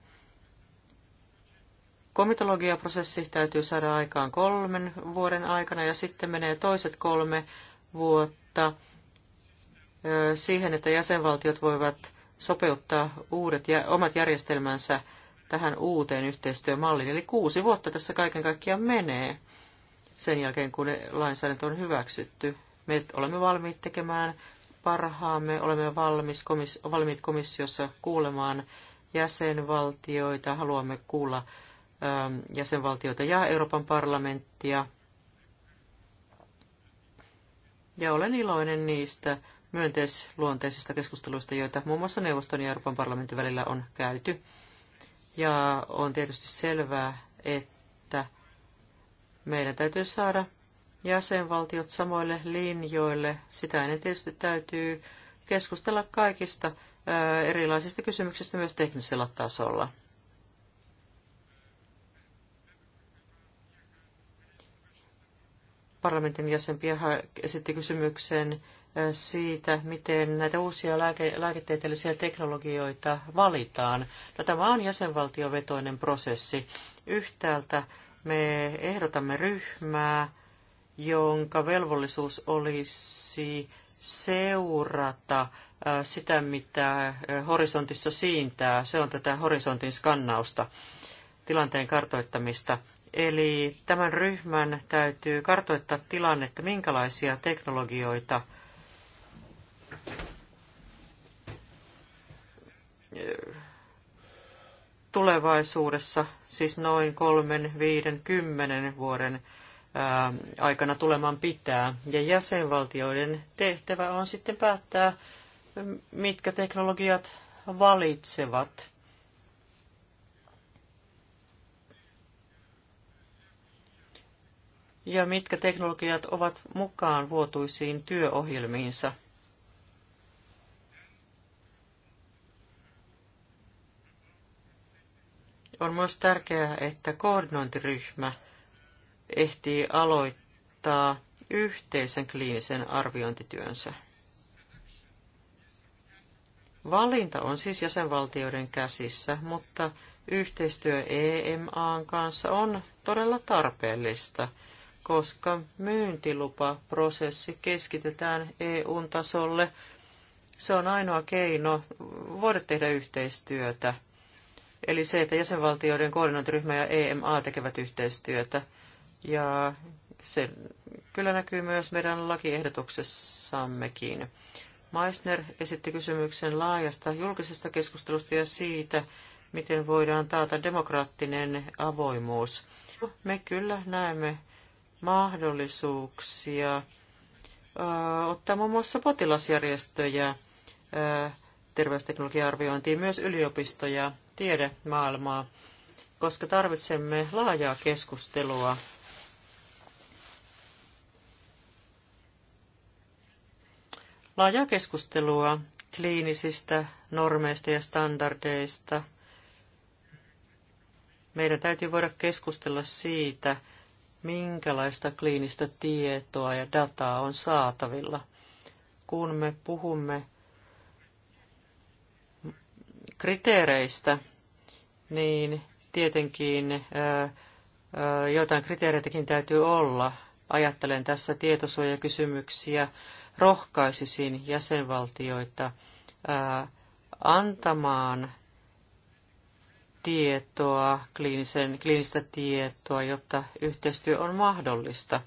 Komitologiaprosessi täytyy saada aikaan kolmen vuoden aikana ja sitten menee toiset kolme vuotta siihen, että jäsenvaltiot voivat sopeuttaa uudet ja omat järjestelmänsä tähän uuteen yhteistyömalliin. Eli kuusi vuotta tässä kaiken kaikkiaan menee sen jälkeen, kun lainsäädäntö on hyväksytty. Me olemme valmiit tekemään parhaamme, olemme valmis, komis, valmiit komissiossa kuulemaan jäsenvaltioita, haluamme kuulla äm, jäsenvaltioita ja Euroopan parlamenttia. Ja olen iloinen niistä myönteisluonteisista keskusteluista, joita muun muassa neuvoston ja Euroopan parlamentin välillä on käyty. Ja on tietysti selvää, että meidän täytyy saada jäsenvaltiot samoille linjoille. Sitä ennen tietysti täytyy keskustella kaikista erilaisista kysymyksistä myös teknisellä tasolla. Parlamentin jäsen Pieha esitti kysymyksen siitä, miten näitä uusia lääke- lääketieteellisiä teknologioita valitaan. No, tämä on jäsenvaltiovetoinen prosessi. Yhtäältä me ehdotamme ryhmää, jonka velvollisuus olisi seurata sitä, mitä horisontissa siintää. Se on tätä horisontin skannausta, tilanteen kartoittamista. Eli tämän ryhmän täytyy kartoittaa tilannetta, minkälaisia teknologioita tulevaisuudessa, siis noin viiden kymmenen vuoden aikana tuleman pitää. Ja jäsenvaltioiden tehtävä on sitten päättää, mitkä teknologiat valitsevat. Ja mitkä teknologiat ovat mukaan vuotuisiin työohjelmiinsa. On myös tärkeää, että koordinointiryhmä ehtii aloittaa yhteisen kliinisen arviointityönsä. Valinta on siis jäsenvaltioiden käsissä, mutta yhteistyö EMAn kanssa on todella tarpeellista, koska myyntilupaprosessi keskitetään EUn tasolle. Se on ainoa keino voida tehdä yhteistyötä – Eli se, että jäsenvaltioiden koordinointiryhmä ja EMA tekevät yhteistyötä. Ja se kyllä näkyy myös meidän lakiehdotuksessammekin. Meissner esitti kysymyksen laajasta julkisesta keskustelusta ja siitä, miten voidaan taata demokraattinen avoimuus. Me kyllä näemme mahdollisuuksia ottaa muun muassa potilasjärjestöjä terveysteknologia-arviointiin, myös yliopistoja tiedemaailmaa, koska tarvitsemme laajaa keskustelua laajaa keskustelua kliinisistä normeista ja standardeista. Meidän täytyy voida keskustella siitä, minkälaista kliinistä tietoa ja dataa on saatavilla. Kun me puhumme kriteereistä, niin tietenkin joitain kriteereitäkin täytyy olla. Ajattelen tässä tietosuojakysymyksiä. Rohkaisisin jäsenvaltioita antamaan tietoa, kliinisen, kliinistä tietoa, jotta yhteistyö on mahdollista.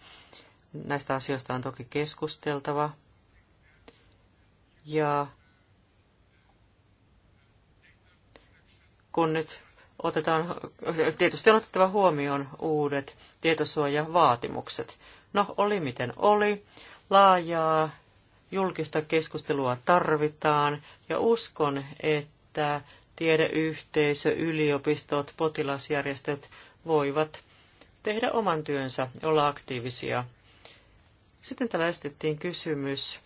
Näistä asioista on toki keskusteltava. Ja kun nyt otetaan, tietysti on otettava huomioon uudet tietosuojavaatimukset. No, oli miten oli. Laajaa julkista keskustelua tarvitaan ja uskon, että tiedeyhteisö, yliopistot, potilasjärjestöt voivat tehdä oman työnsä, olla aktiivisia. Sitten täällä esitettiin kysymys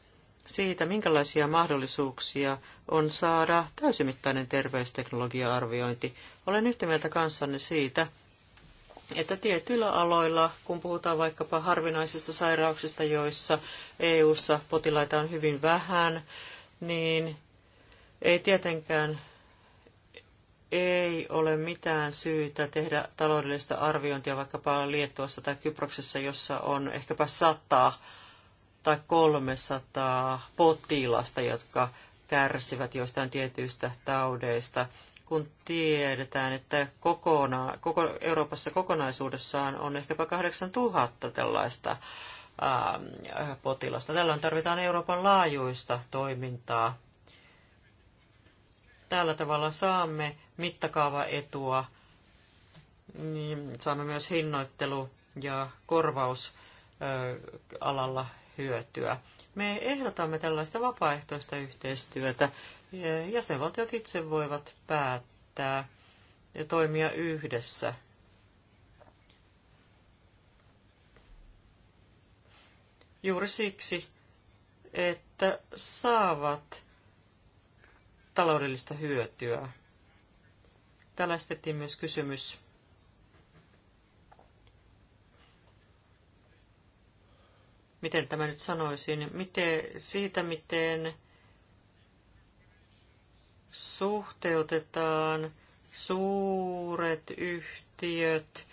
siitä, minkälaisia mahdollisuuksia on saada täysimittainen terveysteknologia-arviointi. Olen yhtä mieltä kanssanne siitä, että tietyillä aloilla, kun puhutaan vaikkapa harvinaisista sairauksista, joissa EU-ssa potilaita on hyvin vähän, niin ei tietenkään ei ole mitään syytä tehdä taloudellista arviointia vaikkapa Liettuassa tai Kyproksessa, jossa on ehkäpä sataa tai 300 potilasta, jotka kärsivät jostain tietyistä taudeista, kun tiedetään, että kokona, koko, Euroopassa kokonaisuudessaan on ehkäpä 8000 tällaista ää, ähm, potilasta. Tällöin tarvitaan Euroopan laajuista toimintaa. Tällä tavalla saamme mittakaavaetua, niin saamme myös hinnoittelu- ja korvausalalla hyötyä. Me ehdotamme tällaista vapaaehtoista yhteistyötä. Jäsenvaltiot itse voivat päättää ja toimia yhdessä. Juuri siksi, että saavat taloudellista hyötyä. Täällä myös kysymys miten tämä nyt sanoisin, miten, siitä miten suhteutetaan suuret yhtiöt,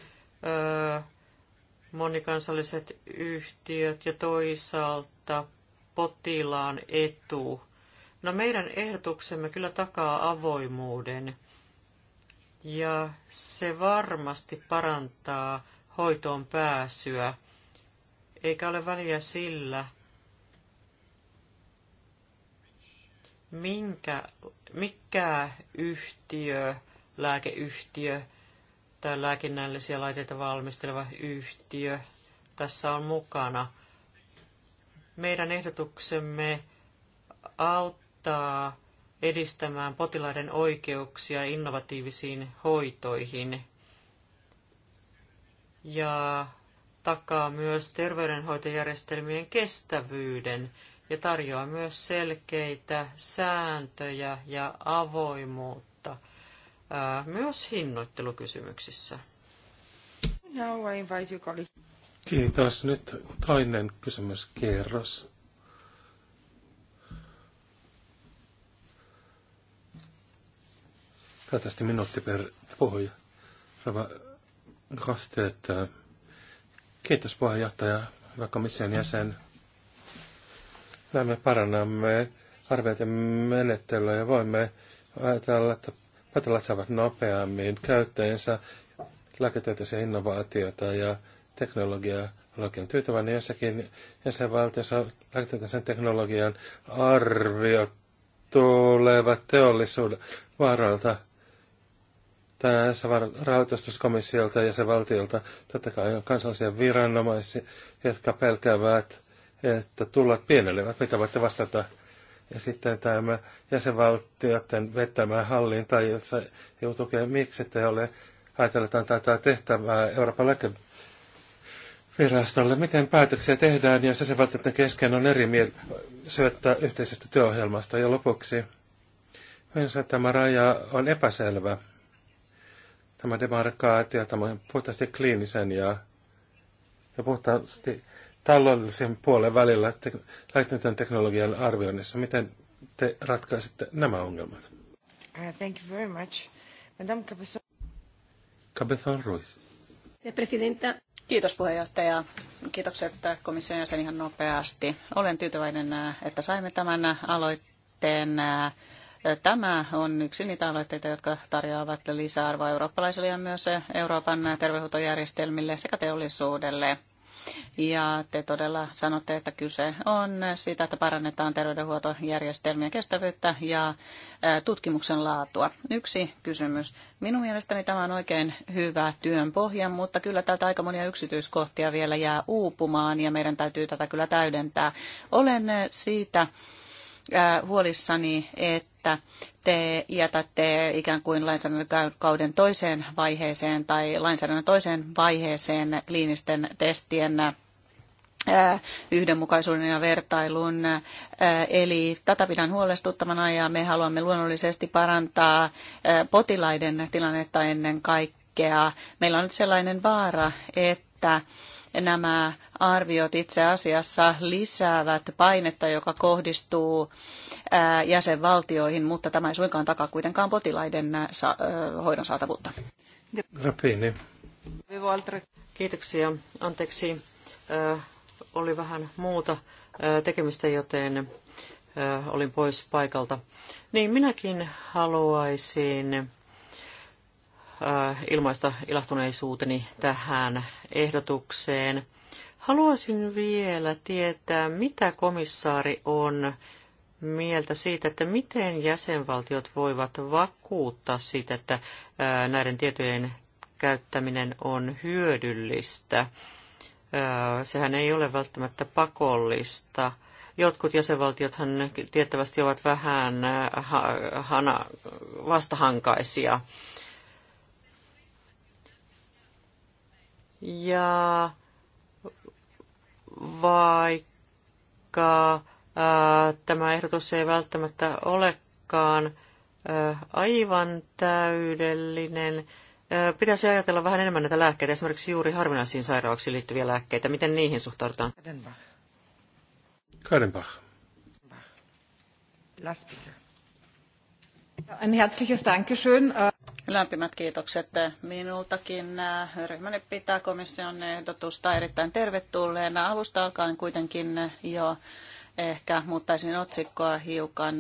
monikansalliset yhtiöt ja toisaalta potilaan etu. No meidän ehdotuksemme kyllä takaa avoimuuden ja se varmasti parantaa hoitoon pääsyä eikä ole väliä sillä, minkä, mikä yhtiö, lääkeyhtiö tai lääkinnällisiä laitteita valmisteleva yhtiö tässä on mukana. Meidän ehdotuksemme auttaa edistämään potilaiden oikeuksia innovatiivisiin hoitoihin ja takaa myös terveydenhoitojärjestelmien kestävyyden ja tarjoaa myös selkeitä sääntöjä ja avoimuutta myös hinnoittelukysymyksissä. Kiitos. Nyt toinen kysymyskierros. Toivottavasti minuutti per puhuja. Rava että Kiitos puheenjohtaja, hyvä komission jäsen. Näin me parannamme arvioiden menettelyä ja voimme ajatella, että potilaat saavat nopeammin käyttöönsä lääketieteellisiä innovaatioita ja teknologiaa. Olen tyytyväinen jossakin jäsenvaltiossa lääketieteellisen teknologian arviot tulevat teollisuuden vaaralta tässä rahoituskomissiolta ja sen valtiolta. Totta kai on kansallisia viranomaisia, jotka pelkäävät, että tulot pienelevät. Mitä voitte vastata? Ja sitten tämä jäsenvaltioiden vetämään hallinta, jossa joutuu miksi te ole ajatelleet antaa tätä tehtävää Euroopan lääkevirastolle. Miten päätöksiä tehdään, jos jäsenvaltioiden kesken on eri syöttää yhteisestä työohjelmasta? Ja lopuksi, yleensä tämä raja on epäselvä Tämä demarkaatio, tämä on puhtaasti kliinisen ja, ja puhtaasti taloudellisen puolen välillä te, laitteiden teknologian arvioinnissa. Miten te ratkaisitte nämä ongelmat? Uh, thank you very much. Madame Cabezon. Cabezon Ruiz. Presidenta. Kiitos puheenjohtaja. Kiitokset komission jäsen ihan nopeasti. Olen tyytyväinen, että saimme tämän aloitteen Tämä on yksi niitä aloitteita, jotka tarjoavat lisäarvoa eurooppalaisille ja myös Euroopan terveydenhuoltojärjestelmille sekä teollisuudelle. Ja te todella sanotte, että kyse on siitä, että parannetaan terveydenhuoltojärjestelmien kestävyyttä ja tutkimuksen laatua. Yksi kysymys. Minun mielestäni tämä on oikein hyvä työn pohja, mutta kyllä täältä aika monia yksityiskohtia vielä jää uupumaan ja meidän täytyy tätä kyllä täydentää. Olen siitä Äh, huolissani, että te jätätte ikään kuin lainsäädäntökauden toiseen vaiheeseen tai lainsäädännön toiseen vaiheeseen kliinisten testien äh, yhdenmukaisuuden ja vertailun. Äh, eli tätä pidän huolestuttavana ja me haluamme luonnollisesti parantaa potilaiden tilannetta ennen kaikkea. Meillä on nyt sellainen vaara, että nämä arviot itse asiassa lisäävät painetta, joka kohdistuu jäsenvaltioihin, mutta tämä ei suinkaan takaa kuitenkaan potilaiden hoidon saatavuutta. Rapini. Kiitoksia. Anteeksi, oli vähän muuta tekemistä, joten olin pois paikalta. Niin minäkin haluaisin ilmaista ilahtuneisuuteni tähän ehdotukseen. Haluaisin vielä tietää, mitä komissaari on mieltä siitä, että miten jäsenvaltiot voivat vakuuttaa siitä, että näiden tietojen käyttäminen on hyödyllistä. Sehän ei ole välttämättä pakollista. Jotkut jäsenvaltiothan tiettävästi ovat vähän hana, vastahankaisia. Ja vaikka ää, tämä ehdotus ei välttämättä olekaan ää, aivan täydellinen, ää, pitäisi ajatella vähän enemmän näitä lääkkeitä, esimerkiksi juuri harvinaisiin sairauksiin liittyviä lääkkeitä. Miten niihin suhtaudutaan? Kadenbach. Kadenbach. Last speaker. Ein herzliches Dankeschön. Äh, Lämpimät kiitokset minultakin. Ryhmäni pitää komission ehdotusta erittäin tervetulleena. Alusta alkaen kuitenkin jo ehkä muuttaisin otsikkoa hiukan,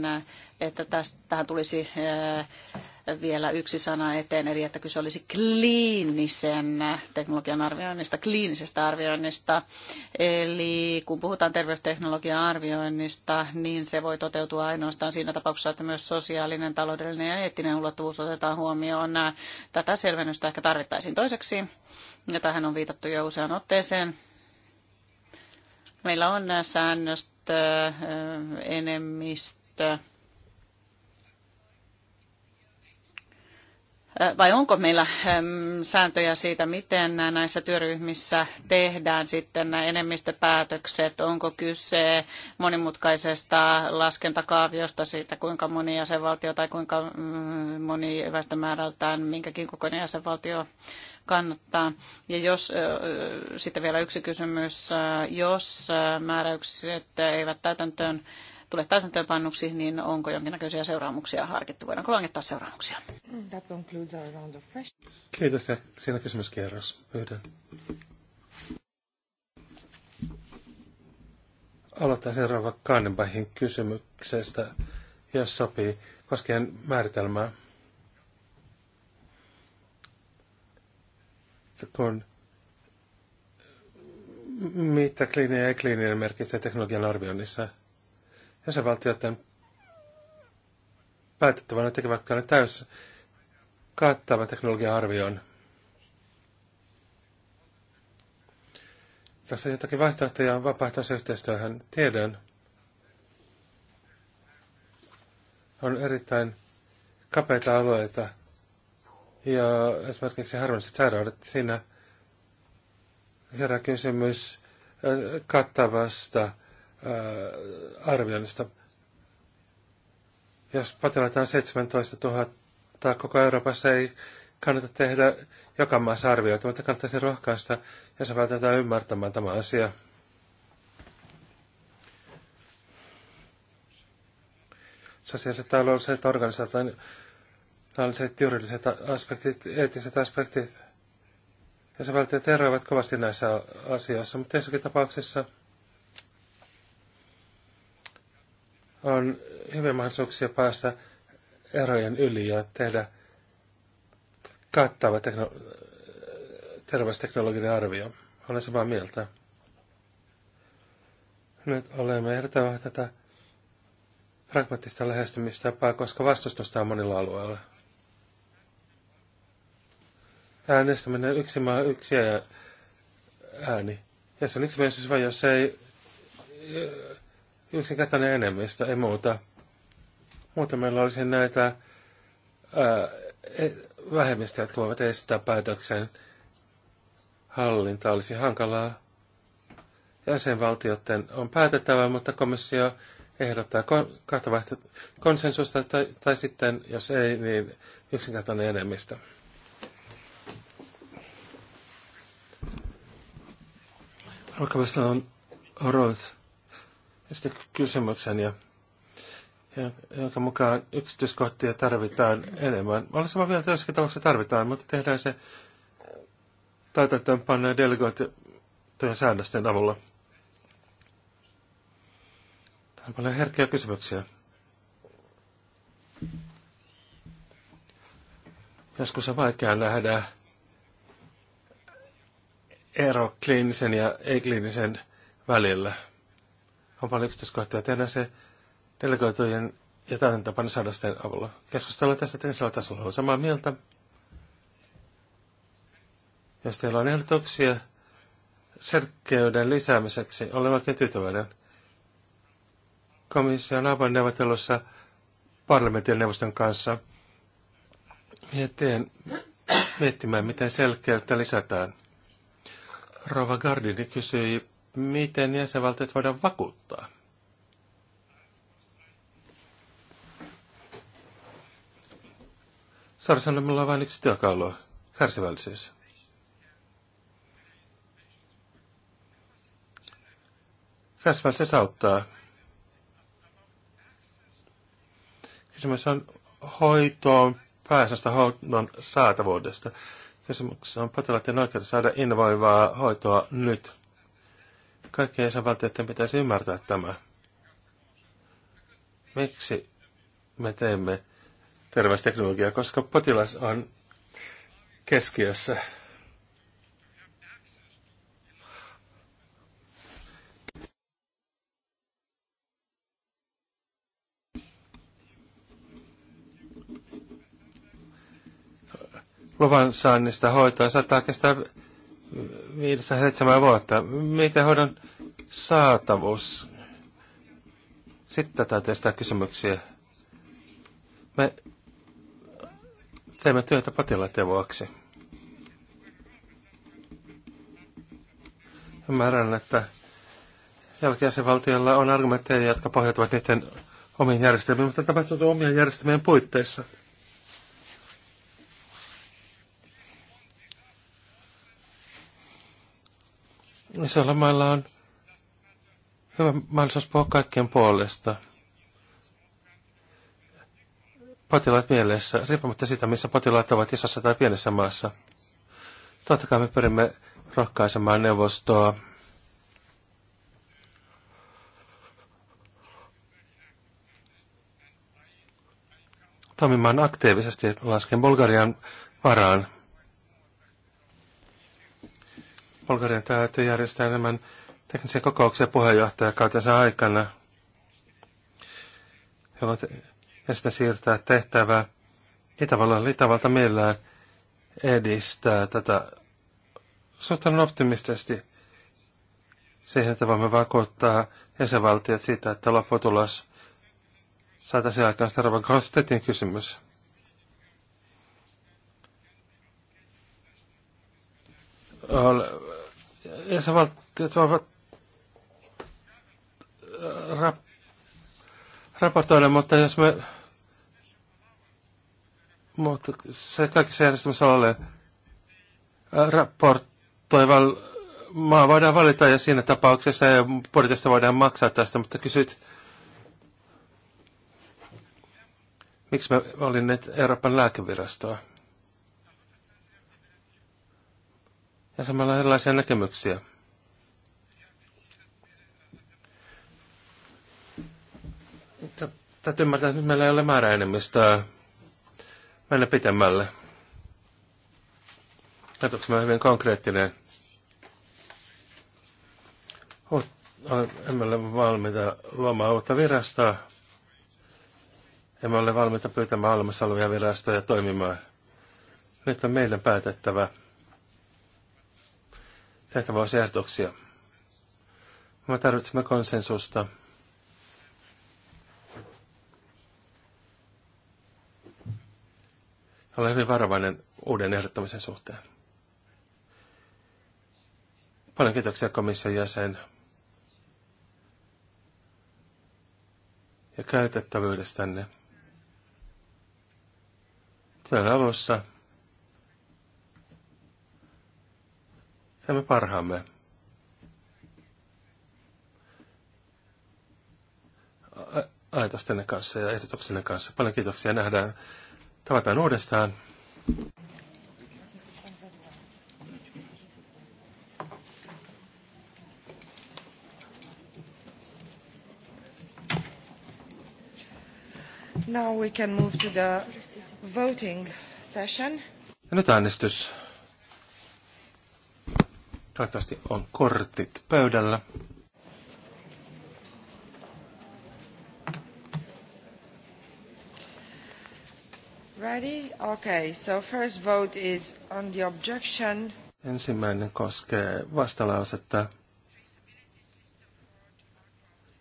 että tästä, tähän tulisi eh, vielä yksi sana eteen, eli että kyse olisi kliinisen teknologian arvioinnista, kliinisestä arvioinnista. Eli kun puhutaan terveysteknologian arvioinnista, niin se voi toteutua ainoastaan siinä tapauksessa, että myös sosiaalinen, taloudellinen ja eettinen ulottuvuus otetaan huomioon. Tätä selvennystä ehkä tarvittaisiin toiseksi, ja tähän on viitattu jo useaan otteeseen. Meillä on säännöstö, enemmistö, vai onko meillä sääntöjä siitä, miten näissä työryhmissä tehdään sitten enemmistöpäätökset, onko kyse monimutkaisesta laskentakaaviosta siitä, kuinka moni jäsenvaltio tai kuinka mm, moni väestömäärältään minkäkin kokoinen jäsenvaltio kannattaa. Ja jos, sitten vielä yksi kysymys, jos määräykset eivät täytäntöön tule täytäntöönpannuksi, niin onko jonkinnäköisiä seuraamuksia harkittu? Voidaanko langettaa seuraamuksia? That concludes our round of Kiitos ja siinä kysymyskierros. Pyydän. Aloitetaan seuraava Kahnenbachin kysymyksestä, jos sopii, koskien määritelmää. kun mitä kliininen ja kliininen merkitsee teknologian arvioinnissa. Jäsenvaltioiden päätettävänä tekevät ne täys kattavan teknologian arvion. Tässä on jotakin vaihtoehtoja yhteistyöhön. tiedon. On erittäin kapeita alueita, ja esimerkiksi harvinaiset sairaudet. Siinä herää kysymys kattavasta arvioinnista. Jos potilaita on 17 000 koko Euroopassa, ei kannata tehdä joka maassa arvioita, mutta kannattaisi rohkaista ja se vältetään ymmärtämään tämä asia. Sosiaaliset taloudelliset organisaatiot lailliset juridiset aspektit, eettiset aspektit. Ja se välttämättä eroivat kovasti näissä asioissa, mutta tässäkin tapauksessa on hyvin mahdollisuuksia päästä erojen yli ja tehdä kattava tekno- terveysteknologinen arvio. Olen samaa mieltä. Nyt olemme ehdottaneet tätä pragmaattista lähestymistapaa, koska vastustusta on monilla alueilla äänestäminen yksi maa, yksi ääni. Ja se on yksimielisyys vain, jos ei yksinkertainen enemmistö, ei muuta. Muuten meillä olisi näitä ää, e, vähemmistöjä, jotka voivat estää päätöksen. Hallinta olisi hankalaa. Jäsenvaltioiden on päätettävä, mutta komissio ehdottaa kon, kahta vaihtoehtoa konsensusta tai, tai sitten, jos ei, niin yksinkertainen enemmistö. Oikeastaan on Roth. Ja sitten kysymyksen, ja, ja, jonka mukaan yksityiskohtia tarvitaan enemmän. Mä olen samaa mieltä, jossakin tapauksessa tarvitaan, mutta tehdään se ja delegoitujen säännösten avulla. Tämä on paljon herkkiä kysymyksiä. Joskus on vaikea nähdä ero kliinisen ja ei-kliinisen välillä. On paljon yksityiskohtia. Tehdään se delegoitujen ja täytäntöpäin säädösten avulla. Keskustellaan tästä teknisellä tasolla. Olen samaa mieltä. Jos teillä on ehdotuksia selkeyden lisäämiseksi, olen oikein tyytyväinen. Komission avoin neuvottelussa parlamentin neuvoston kanssa miettien miettimään, miten selkeyttä lisätään. Rova Gardini kysyi, miten jäsenvaltiot voidaan vakuuttaa. Saari sanoi, minulla on vain yksi työkalu, kärsivällisyys. Kärsivällisyys auttaa. Kysymys on hoitoon pääsystä, hoidon saatavuudesta. Kysymyksessä on potilaiden oikeus saada innovoivaa hoitoa nyt. Kaikkien isänvaltioiden pitäisi ymmärtää tämä. Miksi me teemme terveysteknologiaa? Koska potilas on keskiössä. luvan saannista hoitoa saattaa kestää 5-7 vuotta. Miten hoidon saatavuus? Sitten täytyy sitä kysymyksiä. Me teemme työtä potilaiden vuoksi. Ymmärrän, että jälkeisellä on argumentteja, jotka pohjautuvat niiden omiin järjestelmiin, mutta tuntuu omien järjestelmien puitteissa – Isolla mailla on hyvä mahdollisuus puhua kaikkien puolesta. Potilaat mielessä, riippumatta siitä, missä potilaat ovat isossa tai pienessä maassa. Totta kai me pyrimme rohkaisemaan neuvostoa toimimaan aktiivisesti lasken Bulgarian varaan Bulgarian täytyy järjestää tämän teknisen kokouksen puheenjohtajakautensa aikana, ovat sitä siirtää tehtävää Itävallan Itävalta millään edistää tätä. suhtaan optimistisesti siihen, että voimme vakuuttaa jäsenvaltiot siitä, että lopputulos saataisiin aikaan Starvan Grostetin kysymys jäsenvaltiot voivat äh, rap, raportoida, mutta jos me... Mutta se kaikki se järjestelmässä ole äh, raportoivan maa voidaan valita ja siinä tapauksessa ja budjetista voidaan maksaa tästä, mutta kysyt, miksi me valinneet Euroopan lääkevirastoa? ja samalla erilaisia näkemyksiä. Täytyy ymmärtää, että nyt meillä ei ole määräenemmistöä mennä pitemmälle. Ajatuksena on hyvin konkreettinen. Emme ole valmiita luomaan uutta virastoa. Emme ole valmiita pyytämään olemassa olevia virastoja toimimaan. Nyt on meidän päätettävä – tehtävä olisi ehdotuksia. Me tarvitsemme konsensusta. Olen hyvin varovainen uuden ehdottamisen suhteen. Paljon kiitoksia komission jäsen. Ja käytettävyydestänne. Työn alussa yritämme parhaamme. ajatustenne kanssa ja ehdotuksenne kanssa. Paljon kiitoksia. Nähdään. Tavataan uudestaan. Now we can move to the voting session. Ja nyt äänestys. Toivottavasti on kortit pöydällä. Ready? Okay, so first vote is on the objection. Ensimmäinen koskee vastalausetta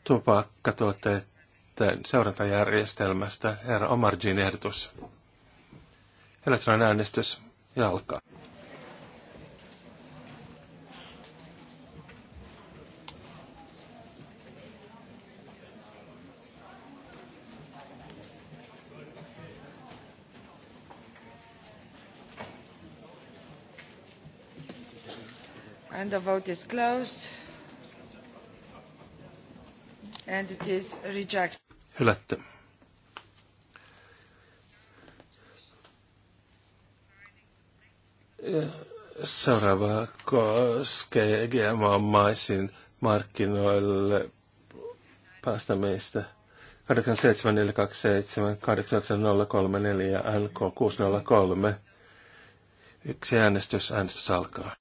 tupakkatuotteiden seurantajärjestelmästä. Herra Omarjin ehdotus. Elektroninen äänestys ja alkaa. And the vote is closed. And it is rejected. Hylätty. Seuraava koskee GMO-maisin markkinoille päästämistä. 874278034 89034 NK603. Yksi äänestys. Äänestys alkaa.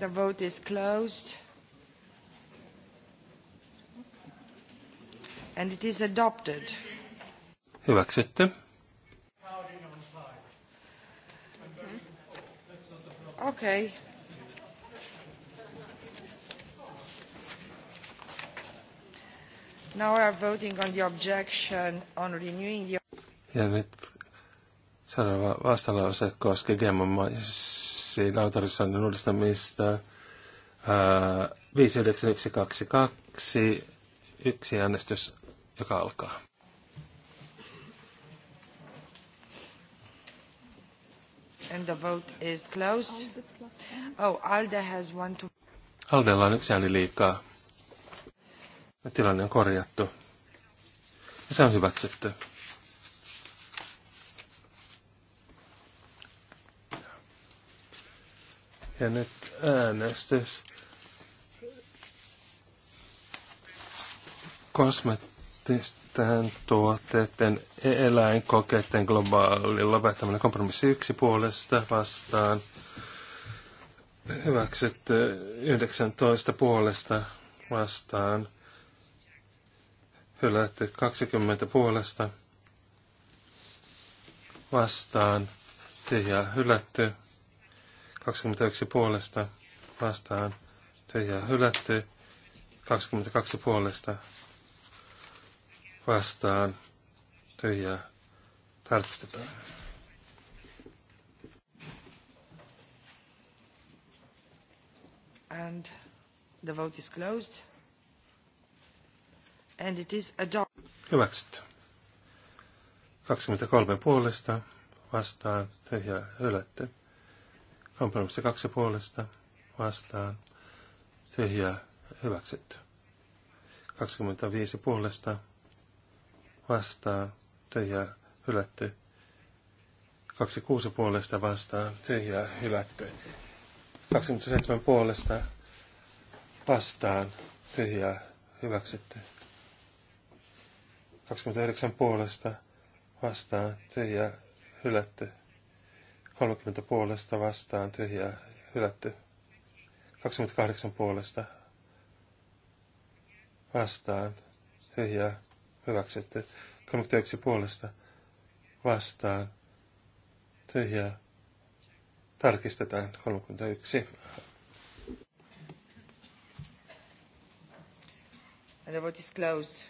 The vote is closed. And it is adopted. Hyväksytty. Okay. Now we are voting on the objection on renewing the... Ja nyt Seuraava vastalause koskee GMO-maisiin autorisoinnin uudistamista. 59122, yksi äänestys, joka alkaa. And the vote is closed. Oh, Alde has one to... Aldella on yksi ääni liikaa. Tilanne on korjattu. Ja se on hyväksytty. Ja nyt äänestys. Kosmettisten tuotteiden eläinkokeiden globaali lopettaminen kompromissi yksi puolesta vastaan. Hyväksytty 19 puolesta vastaan. Hylätty 20 puolesta vastaan. Tyhjää hylätty 21 puolesta vastaan tyhjä hylätty. 22 puolesta vastaan tyhjä tarkistetaan. And the vote is closed. And it is adopted. Hyväksytty. 23 puolesta vastaan tyhjä hylätty. Kompromissi kaksi puolesta vastaan. Tyhjää hyväksytty. 25 puolesta vastaan. Tyhjää hylätty. 26 puolesta vastaan. Tyhjää hylätty. 27 puolesta vastaan. Tyhjää hyväksytty. 29 puolesta vastaan. Tyhjää hylätty. 30 puolesta vastaan tyhjää hylätty. 28 puolesta vastaan tyhjää hyväksytty. 31 puolesta vastaan tyhjää tarkistetaan 31. And the vote is closed.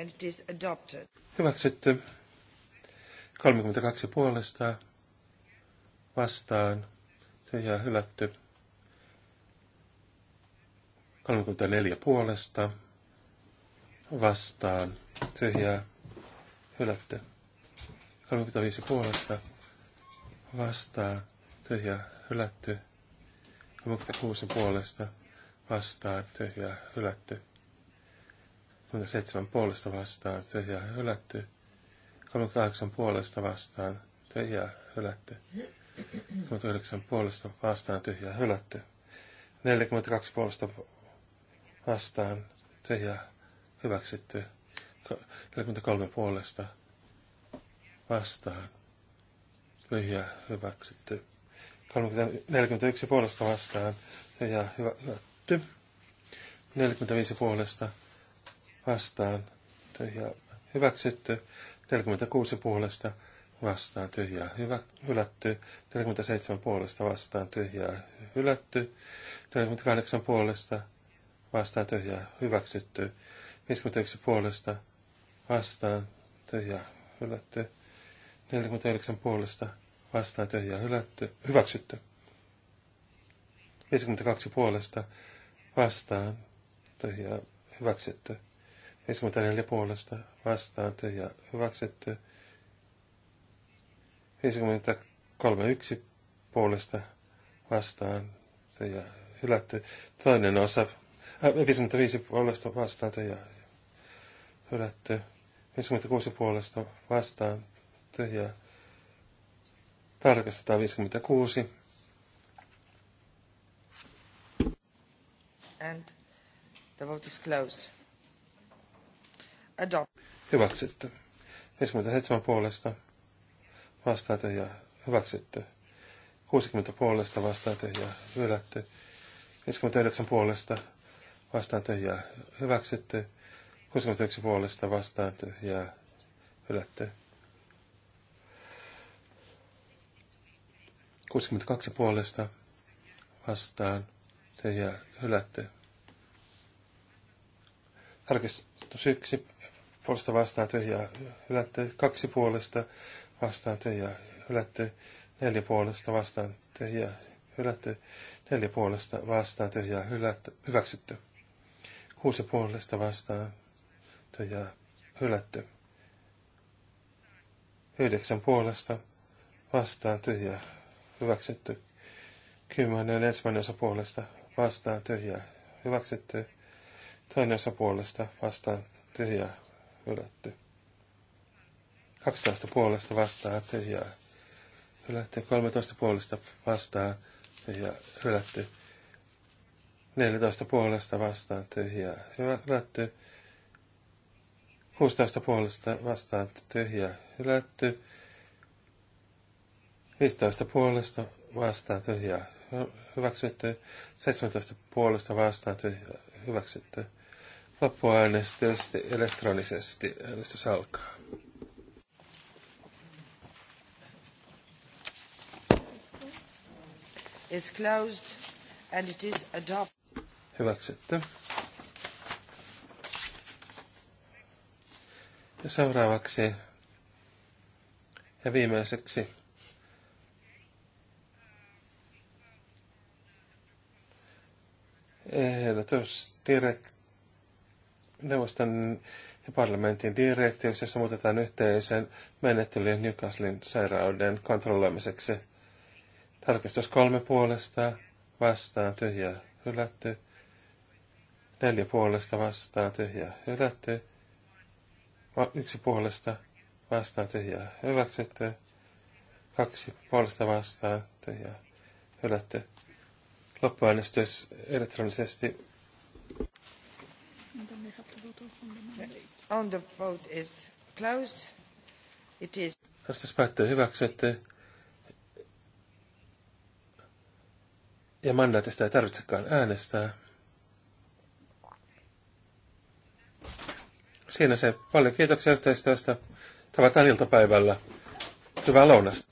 And it is adopted. Hyväksytty. 32 puolesta vastaan. Tyhjää hylätty. 34 puolesta vastaan. Tyhjää hylätty. 35 puolesta vastaan. Tyhjää hylätty. 36 puolesta vastaan. Tyhjää hylätty. 37 puolesta vastaan. Tyhjää hylätty. 38 puolesta vastaan tyhjää hylätty. 39 puolesta vastaan tyhjää hylätty. 42 puolesta vastaan tyhjää hyväksytty. 43 puolesta vastaan tyhjää hyväksytty. 41 puolesta vastaan tyhjää hylätty. 45 puolesta vastaan tyhjää hyväksytty. 46 puolesta vastaan tyhjää hyvä, hylätty. 47 puolesta vastaan tyhjää hylätty. 48 puolesta vastaan tyhjää hyväksytty. 51 puolesta vastaan tyhjää hylätty. 49 puolesta vastaan tyhjää hylätty, hyväksytty. 52 puolesta vastaan tyhjää hyväksytty. 54 puolesta vastaan ja hyväksytty. 53 yksi puolesta vastaan ja hylätty. Toinen osa, äh, 55 puolesta vastaan ja hylätty. 56 puolesta vastaan tyhjä tarkastetaan 56. And the vote is closed. Adopt. Hyväksytty. 57 puolesta vastaan tyhjää. Hyväksytty. 60 puolesta vastaan tyhjää. Hylätty. 59 puolesta vastaan tyhjää. Hyväksytty. 61 puolesta vastaan tyhjää. Hylätty. 62 puolesta vastaan tyhjää. Hylätty. Tarkistus yksi puolesta vastaan tyhjää hylätty, kaksi puolesta vastaan tyhjää hylätty, neljä puolesta vastaan tyhjää hylätty, neljä puolesta vastaan tyhjää hylätty, hyväksytty, kuusi puolesta vastaan tyhjää hylätty, yhdeksän puolesta vastaan tyhjää hyväksytty, kymmenen ensimmäinen osa puolesta vastaan tyhjää hyväksytty, toinen osa puolesta vastaan tyhjää Hylätty. 12 puolesta vastaa tyhjää. Hylätty. 13 puolesta vastaa tyhjää. Hylätty. 14 puolesta vastaa tyhjää. Hylätty. 16 puolesta vastaa tyhjää. Hylätty. 15 puolesta vastaa tyhjää. Hyväksytty. 17 puolesta vastaa tyhjää. Hyväksytty. Loppuäänestys elektronisesti. Äänestys alkaa. It's closed and it is adopted. Hyväksytty. Ja seuraavaksi ja viimeiseksi ehdotus direkt neuvoston ja parlamentin direktiivissä, jossa muutetaan yhteisen menettelyyn Newcastlein sairauden kontrolloimiseksi. Tarkistus kolme puolesta vastaan tyhjä hylätty. Neljä puolesta vastaan tyhjä hylätty. Yksi puolesta vastaan tyhjä hyväksytty. Kaksi puolesta vastaan tyhjä hylätty. Loppuäänestys elektronisesti on the vote is closed. It is. Vastus päättyy hyväksytty. Ja mandaatista ei tarvitsekaan äänestää. Siinä se. Paljon kiitoksia yhteistyöstä. Tavataan iltapäivällä. Hyvää lounasta.